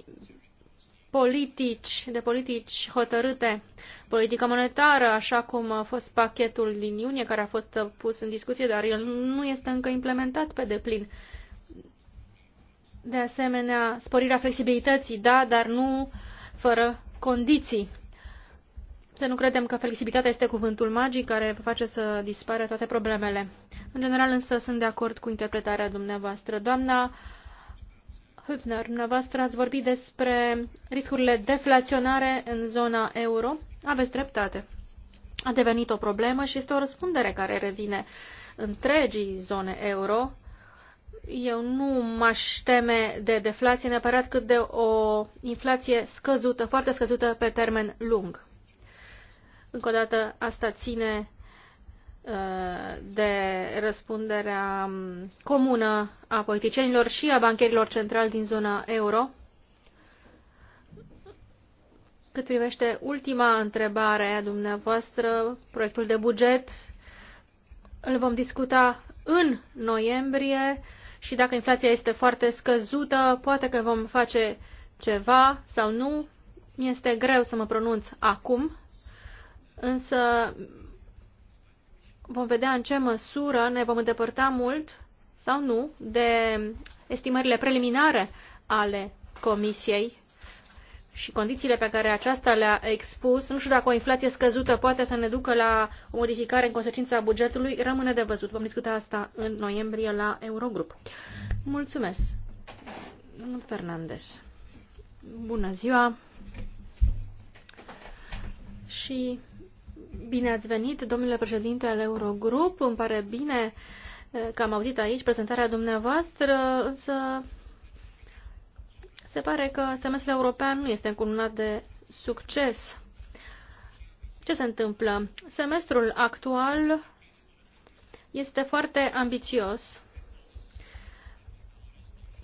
politici, de politici hotărâte. Politica monetară, așa cum a fost pachetul din iunie care a fost pus în discuție, dar el nu este încă implementat pe deplin. De asemenea, sporirea flexibilității, da, dar nu fără condiții. Să nu credem că flexibilitatea este cuvântul magic care face să dispare toate problemele. În general însă sunt de acord cu interpretarea dumneavoastră. Doamna Hübner, dumneavoastră ați vorbit despre riscurile deflaționare în zona euro. Aveți dreptate. A devenit o problemă și este o răspundere care revine întregii zone euro. Eu nu m-aș teme de deflație neapărat cât de o inflație scăzută, foarte scăzută pe termen lung. Încă o dată, asta ține uh, de răspunderea um, comună a politicienilor și a bancherilor centrali din zona euro. Cât privește ultima întrebare a dumneavoastră, proiectul de buget, îl vom discuta în noiembrie și dacă inflația este foarte scăzută, poate că vom face ceva sau nu. Mi este greu să mă pronunț acum, însă vom vedea în ce măsură ne vom îndepărta mult sau nu de estimările preliminare ale Comisiei și condițiile pe care aceasta le-a expus. Nu știu dacă o inflație scăzută poate să ne ducă la o modificare în consecința bugetului. Rămâne de văzut. Vom discuta asta în noiembrie la Eurogrup. Mulțumesc. Domnul Fernandez. Bună ziua. Și Bine ați venit, domnule președinte al Eurogrup. Îmi pare bine eh, că am auzit aici prezentarea dumneavoastră, însă se pare că semestrul european nu este încununat de succes. Ce se întâmplă? Semestrul actual este foarte ambițios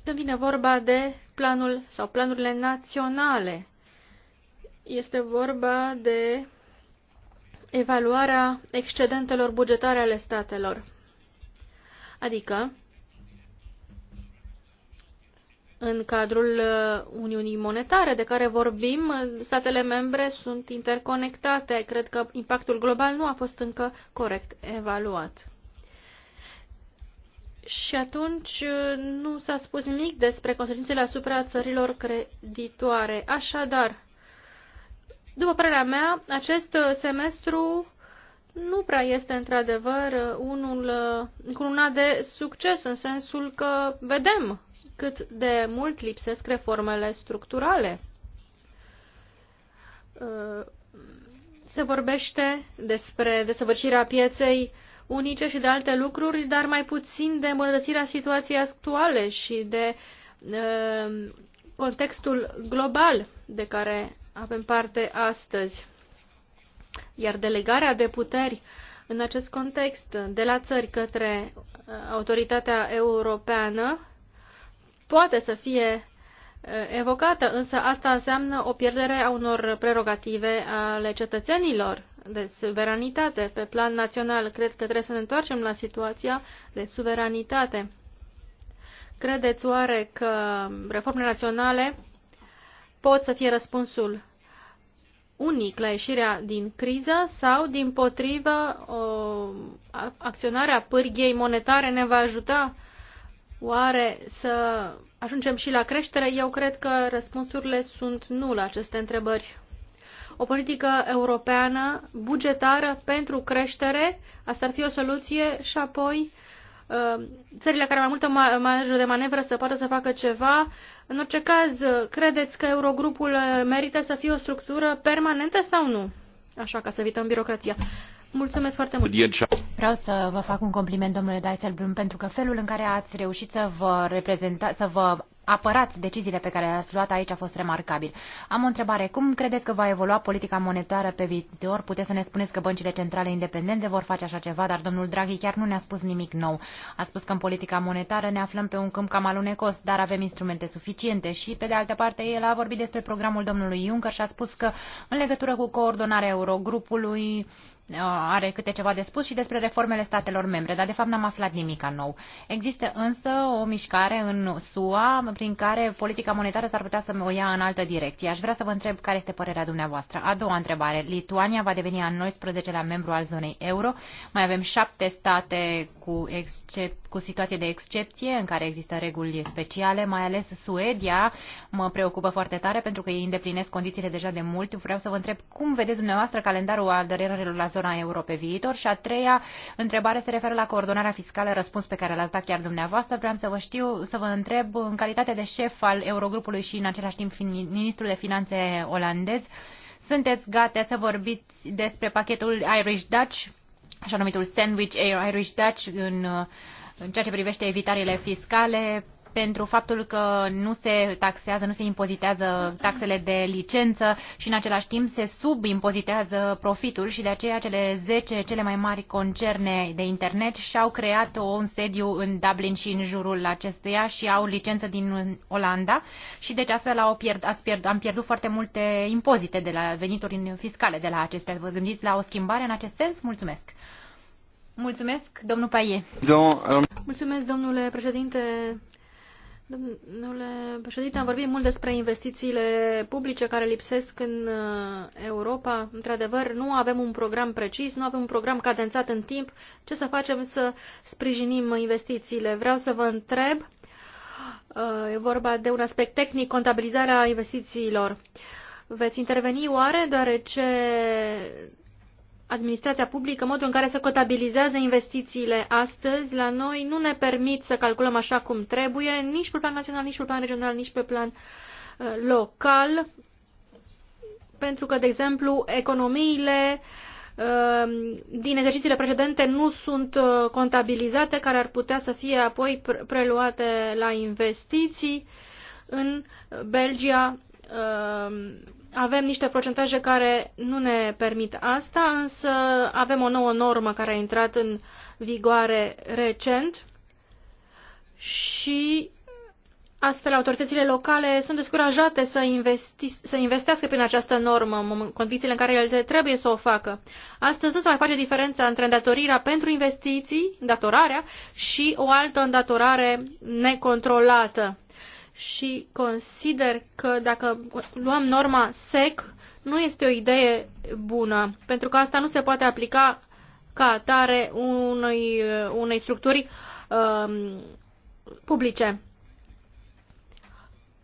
când vine vorba de planul sau planurile naționale. Este vorba de evaluarea excedentelor bugetare ale statelor. Adică, în cadrul uh, Uniunii Monetare de care vorbim, uh, statele membre sunt interconectate. Cred că impactul global nu a fost încă corect evaluat. Și atunci uh, nu s-a spus nimic despre consecințele asupra țărilor creditoare. Așadar, după părerea mea, acest uh, semestru nu prea este într-adevăr uh, unul, uh, una de succes, în sensul că vedem cât de mult lipsesc reformele structurale. Se vorbește despre desăvârșirea pieței unice și de alte lucruri, dar mai puțin de îmbunătățirea situației actuale și de contextul global de care avem parte astăzi. Iar delegarea de puteri în acest context de la țări către uh, autoritatea europeană poate să fie uh, evocată, însă asta înseamnă o pierdere a unor prerogative ale cetățenilor de suveranitate pe plan național. Cred că trebuie să ne întoarcem la situația de suveranitate. Credeți oare că reformele naționale pot să fie răspunsul unic la ieșirea din criză sau, din potrivă, o, acționarea pârghiei monetare ne va ajuta oare să ajungem și la creștere? Eu cred că răspunsurile sunt nu la aceste întrebări. O politică europeană bugetară pentru creștere, asta ar fi o soluție și apoi uh, Uh, țările care mai multă marjă de manevră să poată să facă ceva. În orice caz, credeți că Eurogrupul merită să fie o structură permanentă sau nu? Așa, ca să evităm birocrația. Mulțumesc foarte mult. Vreau să vă fac un compliment, domnule Dijsselbloem, pentru că felul în care ați reușit să vă, reprezenta, să vă apărați deciziile pe care le-ați luat aici a fost remarcabil. Am o întrebare. Cum credeți că va evolua politica monetară pe viitor? Puteți să ne spuneți că băncile centrale independente vor face așa ceva, dar domnul Draghi chiar nu ne-a spus nimic nou. A spus că în politica monetară ne aflăm pe un câmp cam alunecos, dar avem instrumente suficiente și, pe de altă parte, el a vorbit despre programul domnului Juncker și a spus că, în legătură cu coordonarea Eurogrupului, Uh, are câte ceva de spus și despre reformele statelor membre, dar de fapt n-am aflat nimic nou. Există însă o mișcare în SUA prin care politica monetară s-ar putea să o ia în altă direcție. Aș vrea să vă întreb care este părerea dumneavoastră. A doua întrebare. Lituania va deveni a 19-lea membru al zonei euro. Mai avem șapte state cu excepție cu situații de excepție în care există reguli speciale, mai ales Suedia mă preocupă foarte tare pentru că ei îndeplinesc condițiile deja de mult. Vreau să vă întreb cum vedeți dumneavoastră calendarul aderărilor la zona euro pe viitor și a treia întrebare se referă la coordonarea fiscală, răspuns pe care l-ați dat chiar dumneavoastră. Vreau să vă știu, să vă întreb în calitate de șef al Eurogrupului și în același timp ministrul de finanțe olandez, sunteți gata să vorbiți despre pachetul Irish Dutch, așa numitul Sandwich Irish Dutch în în ceea ce privește evitările fiscale, pentru faptul că nu se taxează, nu se impozitează taxele de licență și în același timp se subimpozitează profitul și de aceea cele 10 cele mai mari concerne de internet și-au creat un sediu în Dublin și în jurul acestuia și au licență din Olanda și deci astfel au pierd, ați pierd, am pierdut foarte multe impozite de la venituri fiscale de la acestea. Vă gândiți la o schimbare în acest sens? Mulțumesc! Mulțumesc, domnul Paie. Mulțumesc, domnule președinte. Domnule președinte, am vorbit mult despre investițiile publice care lipsesc în uh, Europa. Într-adevăr, nu avem un program precis, nu avem un program cadențat în timp. Ce să facem să sprijinim investițiile? Vreau să vă întreb, uh, e vorba de un aspect tehnic, contabilizarea investițiilor. Veți interveni oare, deoarece administrația publică, modul în care se cotabilizează investițiile astăzi la noi nu ne permit să calculăm așa cum trebuie, nici pe plan național, nici pe plan regional, nici pe plan uh, local, pentru că, de exemplu, economiile uh, din exercițiile precedente nu sunt uh, contabilizate, care ar putea să fie apoi preluate la investiții. În Belgia avem niște procentaje care nu ne permit asta, însă avem o nouă normă care a intrat în vigoare recent și astfel autoritățile locale sunt descurajate să, investi, să investească prin această normă în condițiile în care ele trebuie să o facă. Astăzi nu se mai face diferența între îndatorirea pentru investiții, îndatorarea, și o altă îndatorare necontrolată și consider că dacă luăm norma SEC, nu este o idee bună, pentru că asta nu se poate aplica ca atare unei, unei structuri um, uh, publice.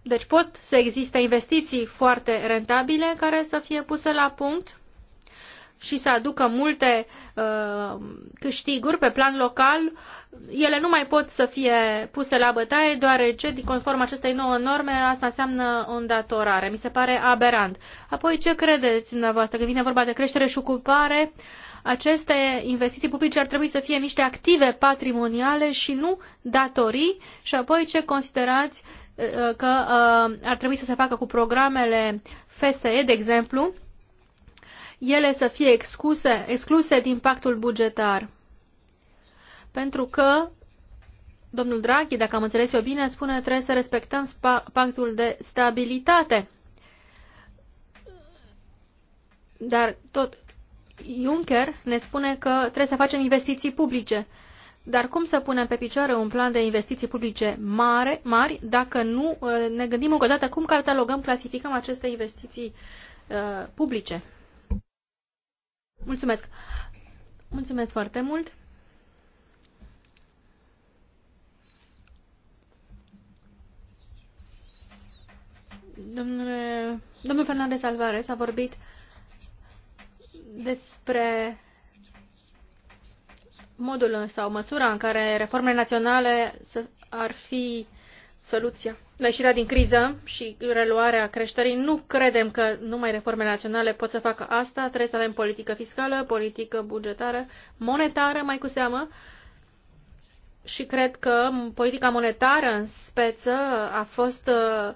Deci pot să existe investiții foarte rentabile care să fie puse la punct și să aducă multe uh, câștiguri pe plan local, ele nu mai pot să fie puse la bătaie, deoarece, conform acestei nouă norme, asta înseamnă o îndatorare. Mi se pare aberant. Apoi, ce credeți dumneavoastră? Când vine vorba de creștere și ocupare, aceste investiții publice ar trebui să fie niște active patrimoniale și nu datorii. Și apoi, ce considerați uh, că uh, ar trebui să se facă cu programele FSE, de exemplu, ele să fie excluse, excluse din pactul bugetar. Pentru că domnul Draghi, dacă am înțeles eu bine, spune trebuie să respectăm pactul de stabilitate. Dar tot Juncker ne spune că trebuie să facem investiții publice. Dar cum să punem pe picioare un plan de investiții publice mare, mari dacă nu uh, ne gândim încă o dată cum catalogăm, clasificăm aceste investiții uh, publice? Mulțumesc! Mulțumesc foarte mult! Domnule, domnul Fernandez Alvarez a vorbit despre modul sau măsura în care reformele naționale ar fi soluția. La ieșirea din criză și reluarea creșterii, nu credem că numai reformele naționale pot să facă asta. Trebuie să avem politică fiscală, politică bugetară, monetară mai cu seamă. Și cred că politica monetară în speță a fost uh,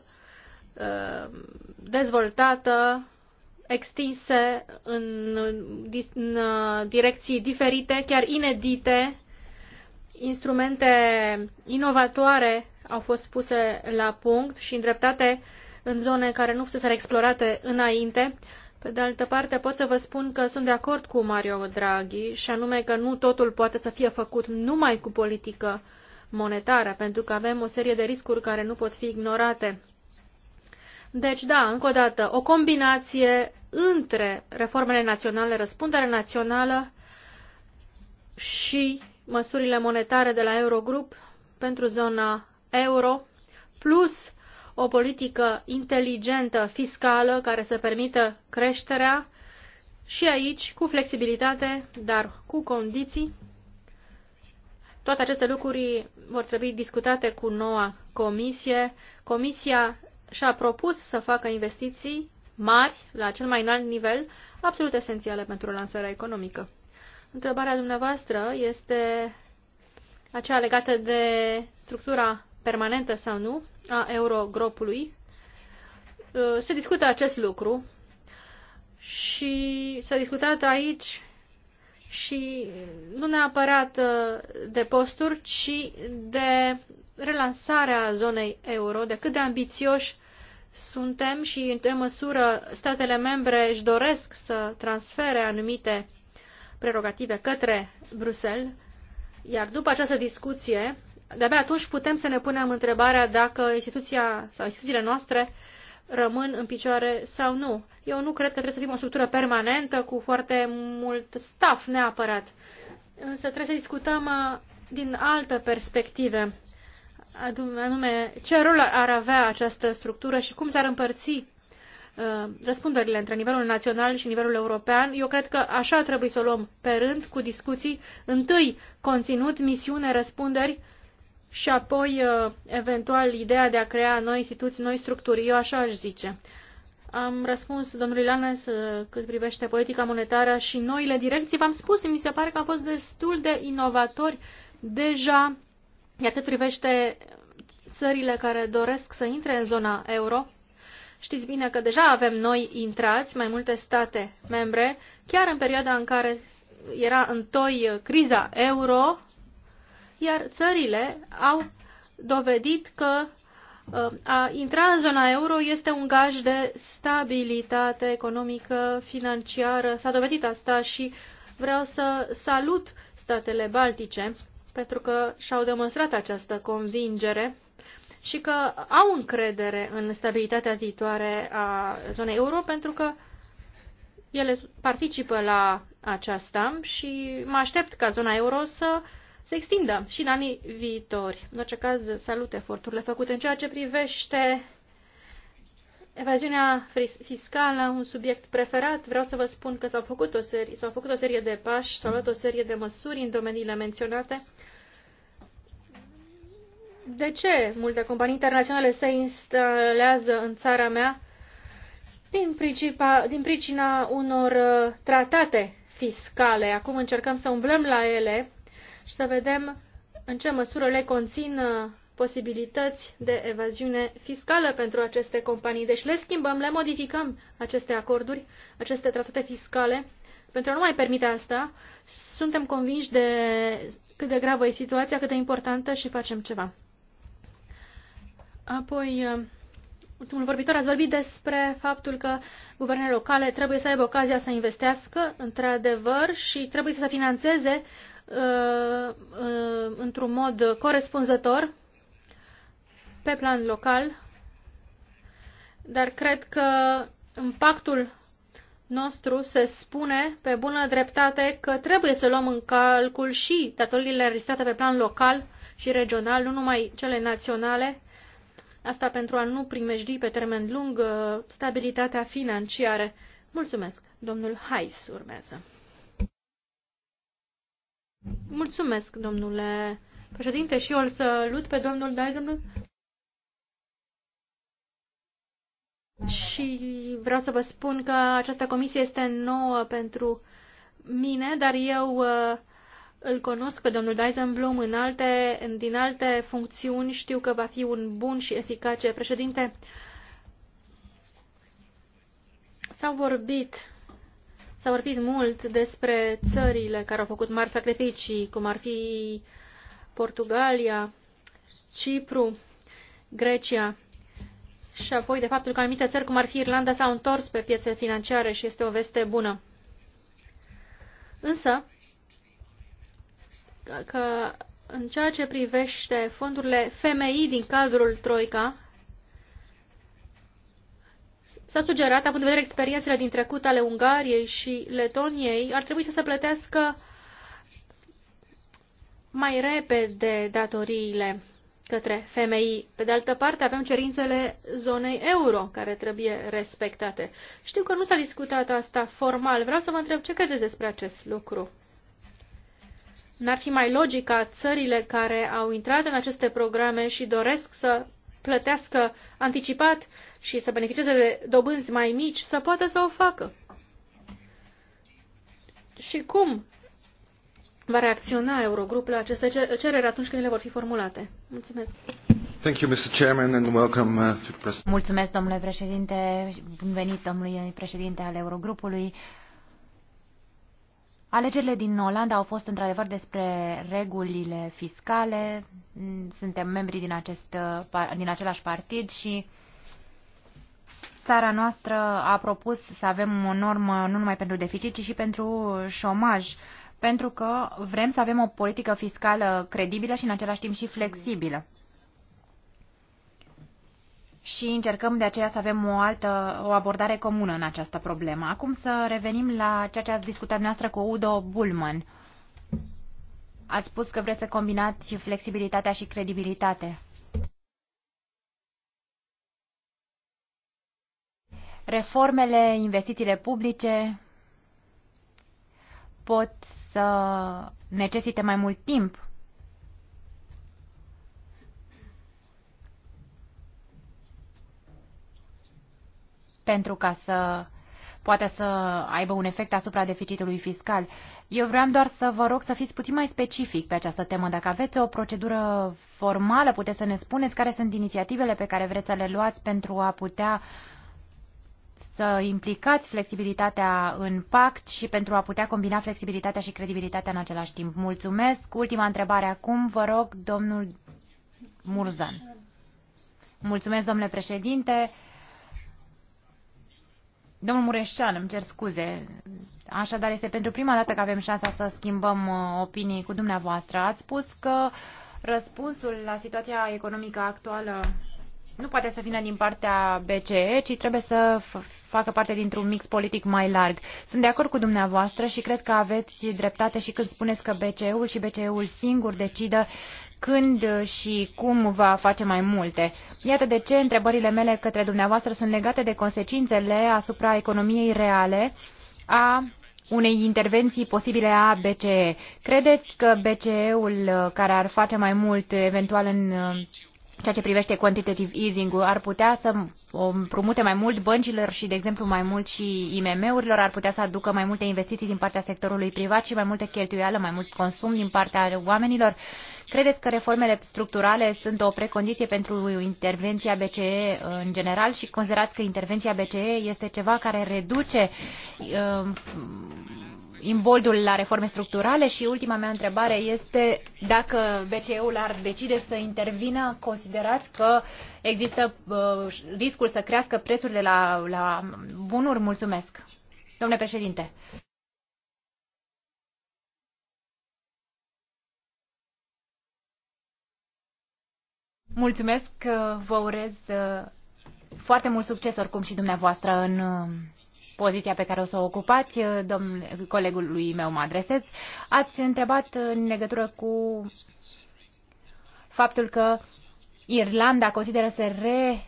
uh, dezvoltată, extinse în, în uh, direcții diferite, chiar inedite, instrumente inovatoare au fost puse la punct și îndreptate în zone care nu fuseseră explorate înainte. Pe de altă parte, pot să vă spun că sunt de acord cu Mario Draghi și anume că nu totul poate să fie făcut numai cu politică monetară, pentru că avem o serie de riscuri care nu pot fi ignorate. Deci, da, încă o dată, o combinație între reformele naționale, răspunderea națională și măsurile monetare de la Eurogrup pentru zona euro, plus o politică inteligentă fiscală care să permită creșterea și aici cu flexibilitate, dar cu condiții. Toate aceste lucruri vor trebui discutate cu noua comisie. Comisia și-a propus să facă investiții mari, la cel mai înalt nivel, absolut esențiale pentru lansarea economică. Întrebarea dumneavoastră este aceea legată de structura permanentă sau nu a Eurogropului. Uh, se discută acest lucru și s-a discutat aici și nu neapărat uh, de posturi, ci de relansarea zonei euro, de cât de ambițioși suntem și în măsură statele membre își doresc să transfere anumite prerogative către Bruxelles. Iar după această discuție de-abia atunci putem să ne punem întrebarea dacă instituția sau instituțiile noastre rămân în picioare sau nu. Eu nu cred că trebuie să fim o structură permanentă cu foarte mult staff neapărat. Însă trebuie să discutăm uh, din altă perspectivă, anume ce rol ar avea această structură și cum s-ar împărți uh, răspunderile între nivelul național și nivelul european. Eu cred că așa trebuie să o luăm pe rând, cu discuții, întâi conținut, misiune, răspunderi și apoi, uh, eventual, ideea de a crea noi instituții, noi structuri. Eu așa aș zice. Am răspuns domnului Lanes uh, cât privește politica monetară și noile direcții. V-am spus, mi se pare că am fost destul de inovatori deja, iar cât privește țările care doresc să intre în zona euro, Știți bine că deja avem noi intrați, mai multe state membre, chiar în perioada în care era întoi criza euro, iar țările au dovedit că uh, a intra în zona euro este un gaj de stabilitate economică, financiară. S-a dovedit asta și vreau să salut statele baltice pentru că și-au demonstrat această convingere și că au încredere în stabilitatea viitoare a zonei euro pentru că ele participă la aceasta și mă aștept ca zona euro să se extindă și în anii viitori. În orice caz, salut eforturile făcute în ceea ce privește evaziunea fiscală, un subiect preferat. Vreau să vă spun că s-au făcut o serie, s-au făcut o serie de pași, s-au luat o serie de măsuri în domeniile menționate. De ce multe companii internaționale se instalează în țara mea? Din, principa, din pricina unor uh, tratate fiscale. Acum încercăm să umblăm la ele și să vedem în ce măsură le conțin uh, posibilități de evaziune fiscală pentru aceste companii. Deci le schimbăm, le modificăm aceste acorduri, aceste tratate fiscale, pentru a nu mai permite asta. Suntem convinși de cât de gravă e situația, cât de importantă și facem ceva. Apoi, uh, ultimul vorbitor a vorbit despre faptul că guvernele locale trebuie să aibă ocazia să investească, într-adevăr, și trebuie să se financeze Uh, uh, într-un mod corespunzător pe plan local, dar cred că în pactul nostru se spune pe bună dreptate că trebuie să luăm în calcul și datoriile înregistrate pe plan local și regional, nu numai cele naționale, asta pentru a nu primejdi pe termen lung uh, stabilitatea financiară. Mulțumesc. Domnul Hais urmează. Mulțumesc, domnule președinte, și eu îl salut pe domnul Dijsselbloem. Și vreau să vă spun că această comisie este nouă pentru mine, dar eu uh, îl cunosc pe domnul Dijsselbloem în alte, din alte funcțiuni. Știu că va fi un bun și eficace președinte. S-au vorbit S-a vorbit mult despre țările care au făcut mari sacrificii, cum ar fi Portugalia, Cipru, Grecia și apoi de faptul că anumite țări, cum ar fi Irlanda, s-au întors pe piețe financiare și este o veste bună. Însă, că în ceea ce privește fondurile FMI din cadrul Troica, S-a sugerat, având în vedere experiențele din trecut ale Ungariei și Letoniei, ar trebui să se plătească mai repede datoriile către femei. Pe de altă parte, avem cerințele zonei euro care trebuie respectate. Știu că nu s-a discutat asta formal. Vreau să vă întreb ce credeți despre acest lucru. N-ar fi mai logic ca țările care au intrat în aceste programe și doresc să plătească anticipat și să beneficieze de dobânzi mai mici, să poată să o facă. Și cum va reacționa Eurogrupul la aceste cereri atunci când ele vor fi formulate? Mulțumesc! Uh, Mulțumesc, domnule președinte. Bun venit, domnului președinte al Eurogrupului. Alegerile din Olanda au fost într-adevăr despre regulile fiscale, mm, suntem membri din, acest, uh, din același partid și țara noastră a propus să avem o normă nu numai pentru deficit, ci și pentru șomaj, pentru că vrem să avem o politică fiscală credibilă și în același timp și flexibilă și încercăm de aceea să avem o altă, o abordare comună în această problemă. Acum să revenim la ceea ce ați discutat noastră cu Udo Bulman. Ați spus că vreți să combinați flexibilitatea și credibilitate. Reformele, investițiile publice pot să necesite mai mult timp pentru ca să poate să aibă un efect asupra deficitului fiscal. Eu vreau doar să vă rog să fiți puțin mai specific pe această temă. Dacă aveți o procedură formală, puteți să ne spuneți care sunt inițiativele pe care vreți să le luați pentru a putea să implicați flexibilitatea în pact și pentru a putea combina flexibilitatea și credibilitatea în același timp. Mulțumesc. Ultima întrebare acum, vă rog, domnul Murzan. Mulțumesc, domnule președinte. Domnul Mureșan, îmi cer scuze. Așadar, este pentru prima dată că avem șansa să schimbăm uh, opinii cu dumneavoastră. Ați spus că răspunsul la situația economică actuală nu poate să vină din partea BCE, ci trebuie să facă parte dintr-un mix politic mai larg. Sunt de acord cu dumneavoastră și cred că aveți dreptate și când spuneți că BCE-ul și BCE-ul singur decidă când și cum va face mai multe. Iată de ce întrebările mele către dumneavoastră sunt legate de consecințele asupra economiei reale a unei intervenții posibile a BCE. Credeți că BCE-ul uh, care ar face mai mult eventual în uh, ceea ce privește quantitative easing-ul, ar putea să împrumute mai mult băncilor și, de exemplu, mai mult și IMM-urilor, ar putea să aducă mai multe investiții din partea sectorului privat și mai multe cheltuială, mai mult consum din partea oamenilor. Credeți că reformele structurale sunt o precondiție pentru intervenția BCE în general și considerați că intervenția BCE este ceva care reduce uh, imboldul la reforme structurale? Și ultima mea întrebare este dacă BCE-ul ar decide să intervină, considerați că există uh, riscul să crească prețurile la, la bunuri? Mulțumesc. Domnule președinte. Mulțumesc că vă urez uh, foarte mult succes oricum și dumneavoastră în uh, poziția pe care o să o ocupați, uh, domnul, colegului meu mă adresez. Ați întrebat în legătură cu faptul că Irlanda consideră să re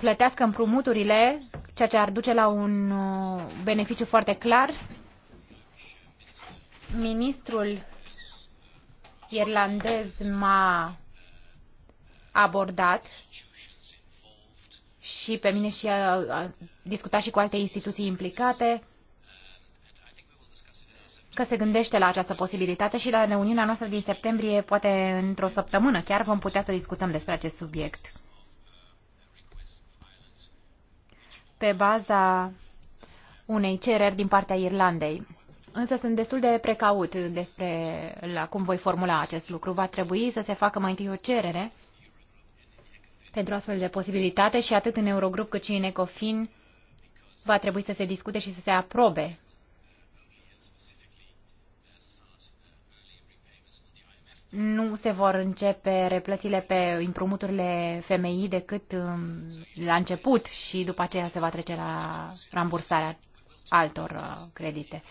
plătească împrumuturile, ceea ce ar duce la un beneficiu foarte clar. Ministrul irlandez m-a abordat și pe mine și a, a discutat și cu alte instituții implicate că se gândește la această posibilitate și la reuniunea noastră din septembrie, poate într-o săptămână chiar, vom putea să discutăm despre acest subiect. Pe baza unei cereri din partea Irlandei. Însă sunt destul de precaut despre la cum voi formula acest lucru. Va trebui să se facă mai întâi o cerere pentru astfel de posibilitate și atât în Eurogrup cât și în Ecofin va trebui să se discute și să se aprobe nu se vor începe replățile pe împrumuturile FMI decât um, la început și după aceea se va trece la rambursarea altor uh, credite.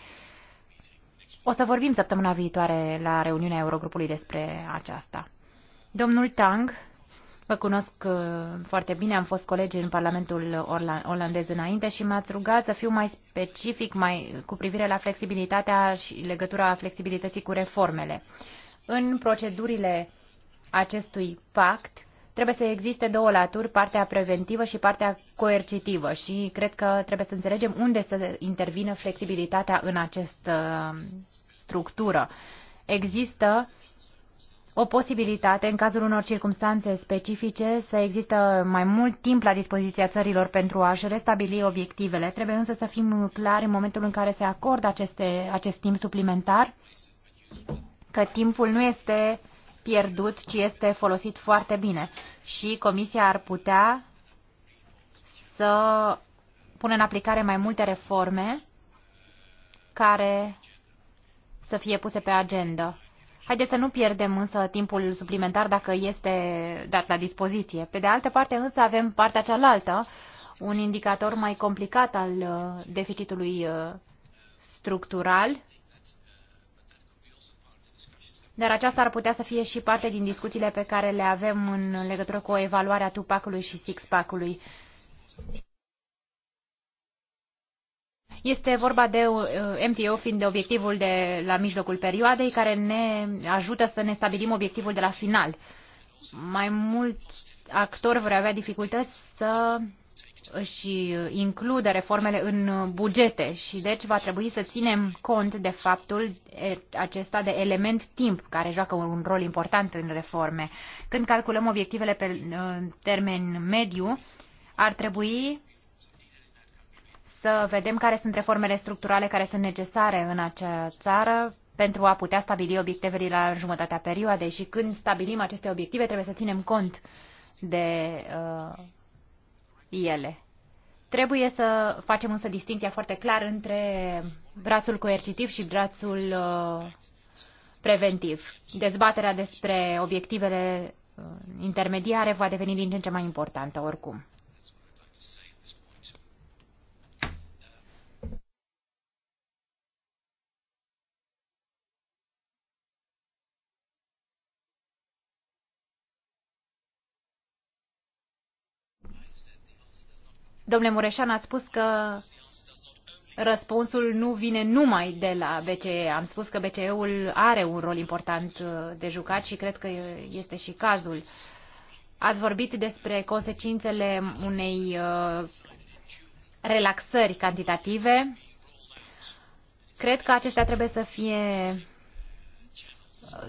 O să vorbim săptămâna viitoare la reuniunea Eurogrupului despre aceasta. Domnul Tang, vă cunosc uh, foarte bine, am fost colegi în Parlamentul olandez înainte și m-ați rugat să fiu mai specific mai, cu privire la flexibilitatea și legătura flexibilității cu reformele. În procedurile acestui pact, trebuie să existe două laturi, partea preventivă și partea coercitivă și cred că trebuie să înțelegem unde să intervină flexibilitatea în această um, structură. Există o posibilitate, în cazul unor circunstanțe specifice, să există mai mult timp la dispoziția țărilor pentru a-și restabili obiectivele. Trebuie însă să fim clari în momentul în care se acordă aceste, acest timp suplimentar, că timpul nu este uh, pierdut, ci este folosit foarte bine. Și Comisia ar putea să pună în aplicare mai multe reforme care să fie puse pe agenda. Haideți să nu pierdem însă timpul suplimentar dacă este dat la dispoziție. Pe de altă parte însă avem partea cealaltă, un indicator mai complicat al uh, deficitului uh, structural dar aceasta ar putea să fie și parte din discuțiile pe care le avem în legătură cu evaluarea Tupacului și six-pack-ului. Este vorba de uh, MTO fiind de obiectivul de la mijlocul perioadei care ne ajută să ne stabilim obiectivul de la final. Mai mult actori vor avea dificultăți să și uh, include reformele în uh, bugete și deci va trebui să ținem cont de faptul acesta de element timp care joacă un rol important în reforme. Când calculăm obiectivele pe uh, termen mediu, ar trebui să vedem care sunt reformele structurale care sunt necesare în acea țară pentru a putea stabili obiectivele la jumătatea perioadei și când stabilim aceste obiective trebuie să ținem cont de uh, ele. Trebuie să facem însă distinția foarte clar între brațul coercitiv și brațul uh, preventiv. Dezbaterea despre obiectivele uh, intermediare va deveni din ce în ce mai importantă oricum. Domnule Mureșan, ați spus că răspunsul nu vine numai de la BCE. Am spus că BCE-ul are un rol important uh, de jucat și cred că este și cazul. Ați vorbit despre consecințele unei uh, relaxări cantitative. Cred că acestea trebuie să fie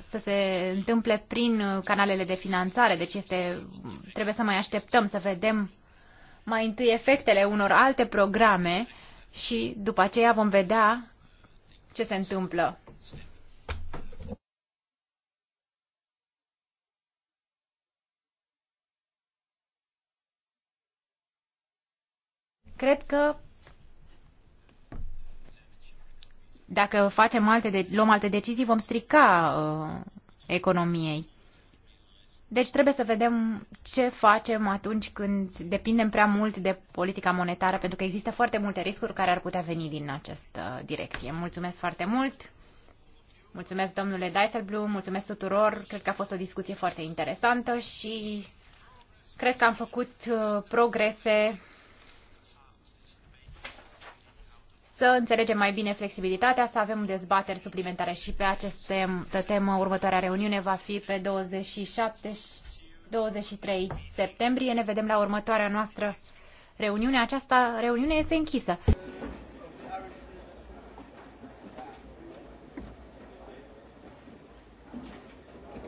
să se întâmple prin uh, canalele de finanțare, deci este, trebuie să mai așteptăm să vedem mai întâi efectele unor alte programe și după aceea vom vedea ce se întâmplă. Cred că dacă facem alte de- luăm alte decizii, vom strica uh, economiei. Deci trebuie să vedem ce facem atunci când depindem prea mult de politica monetară, pentru că există foarte multe riscuri care ar putea veni din această direcție. Mulțumesc foarte mult! Mulțumesc, domnule Dijsselbloem, mulțumesc tuturor. Cred că a fost o discuție foarte interesantă și cred că am făcut uh, progrese să înțelegem mai bine flexibilitatea, să avem dezbateri suplimentare și pe această temă următoarea reuniune va fi pe 27 23 septembrie. Ne vedem la următoarea noastră reuniune. Această reuniune este închisă.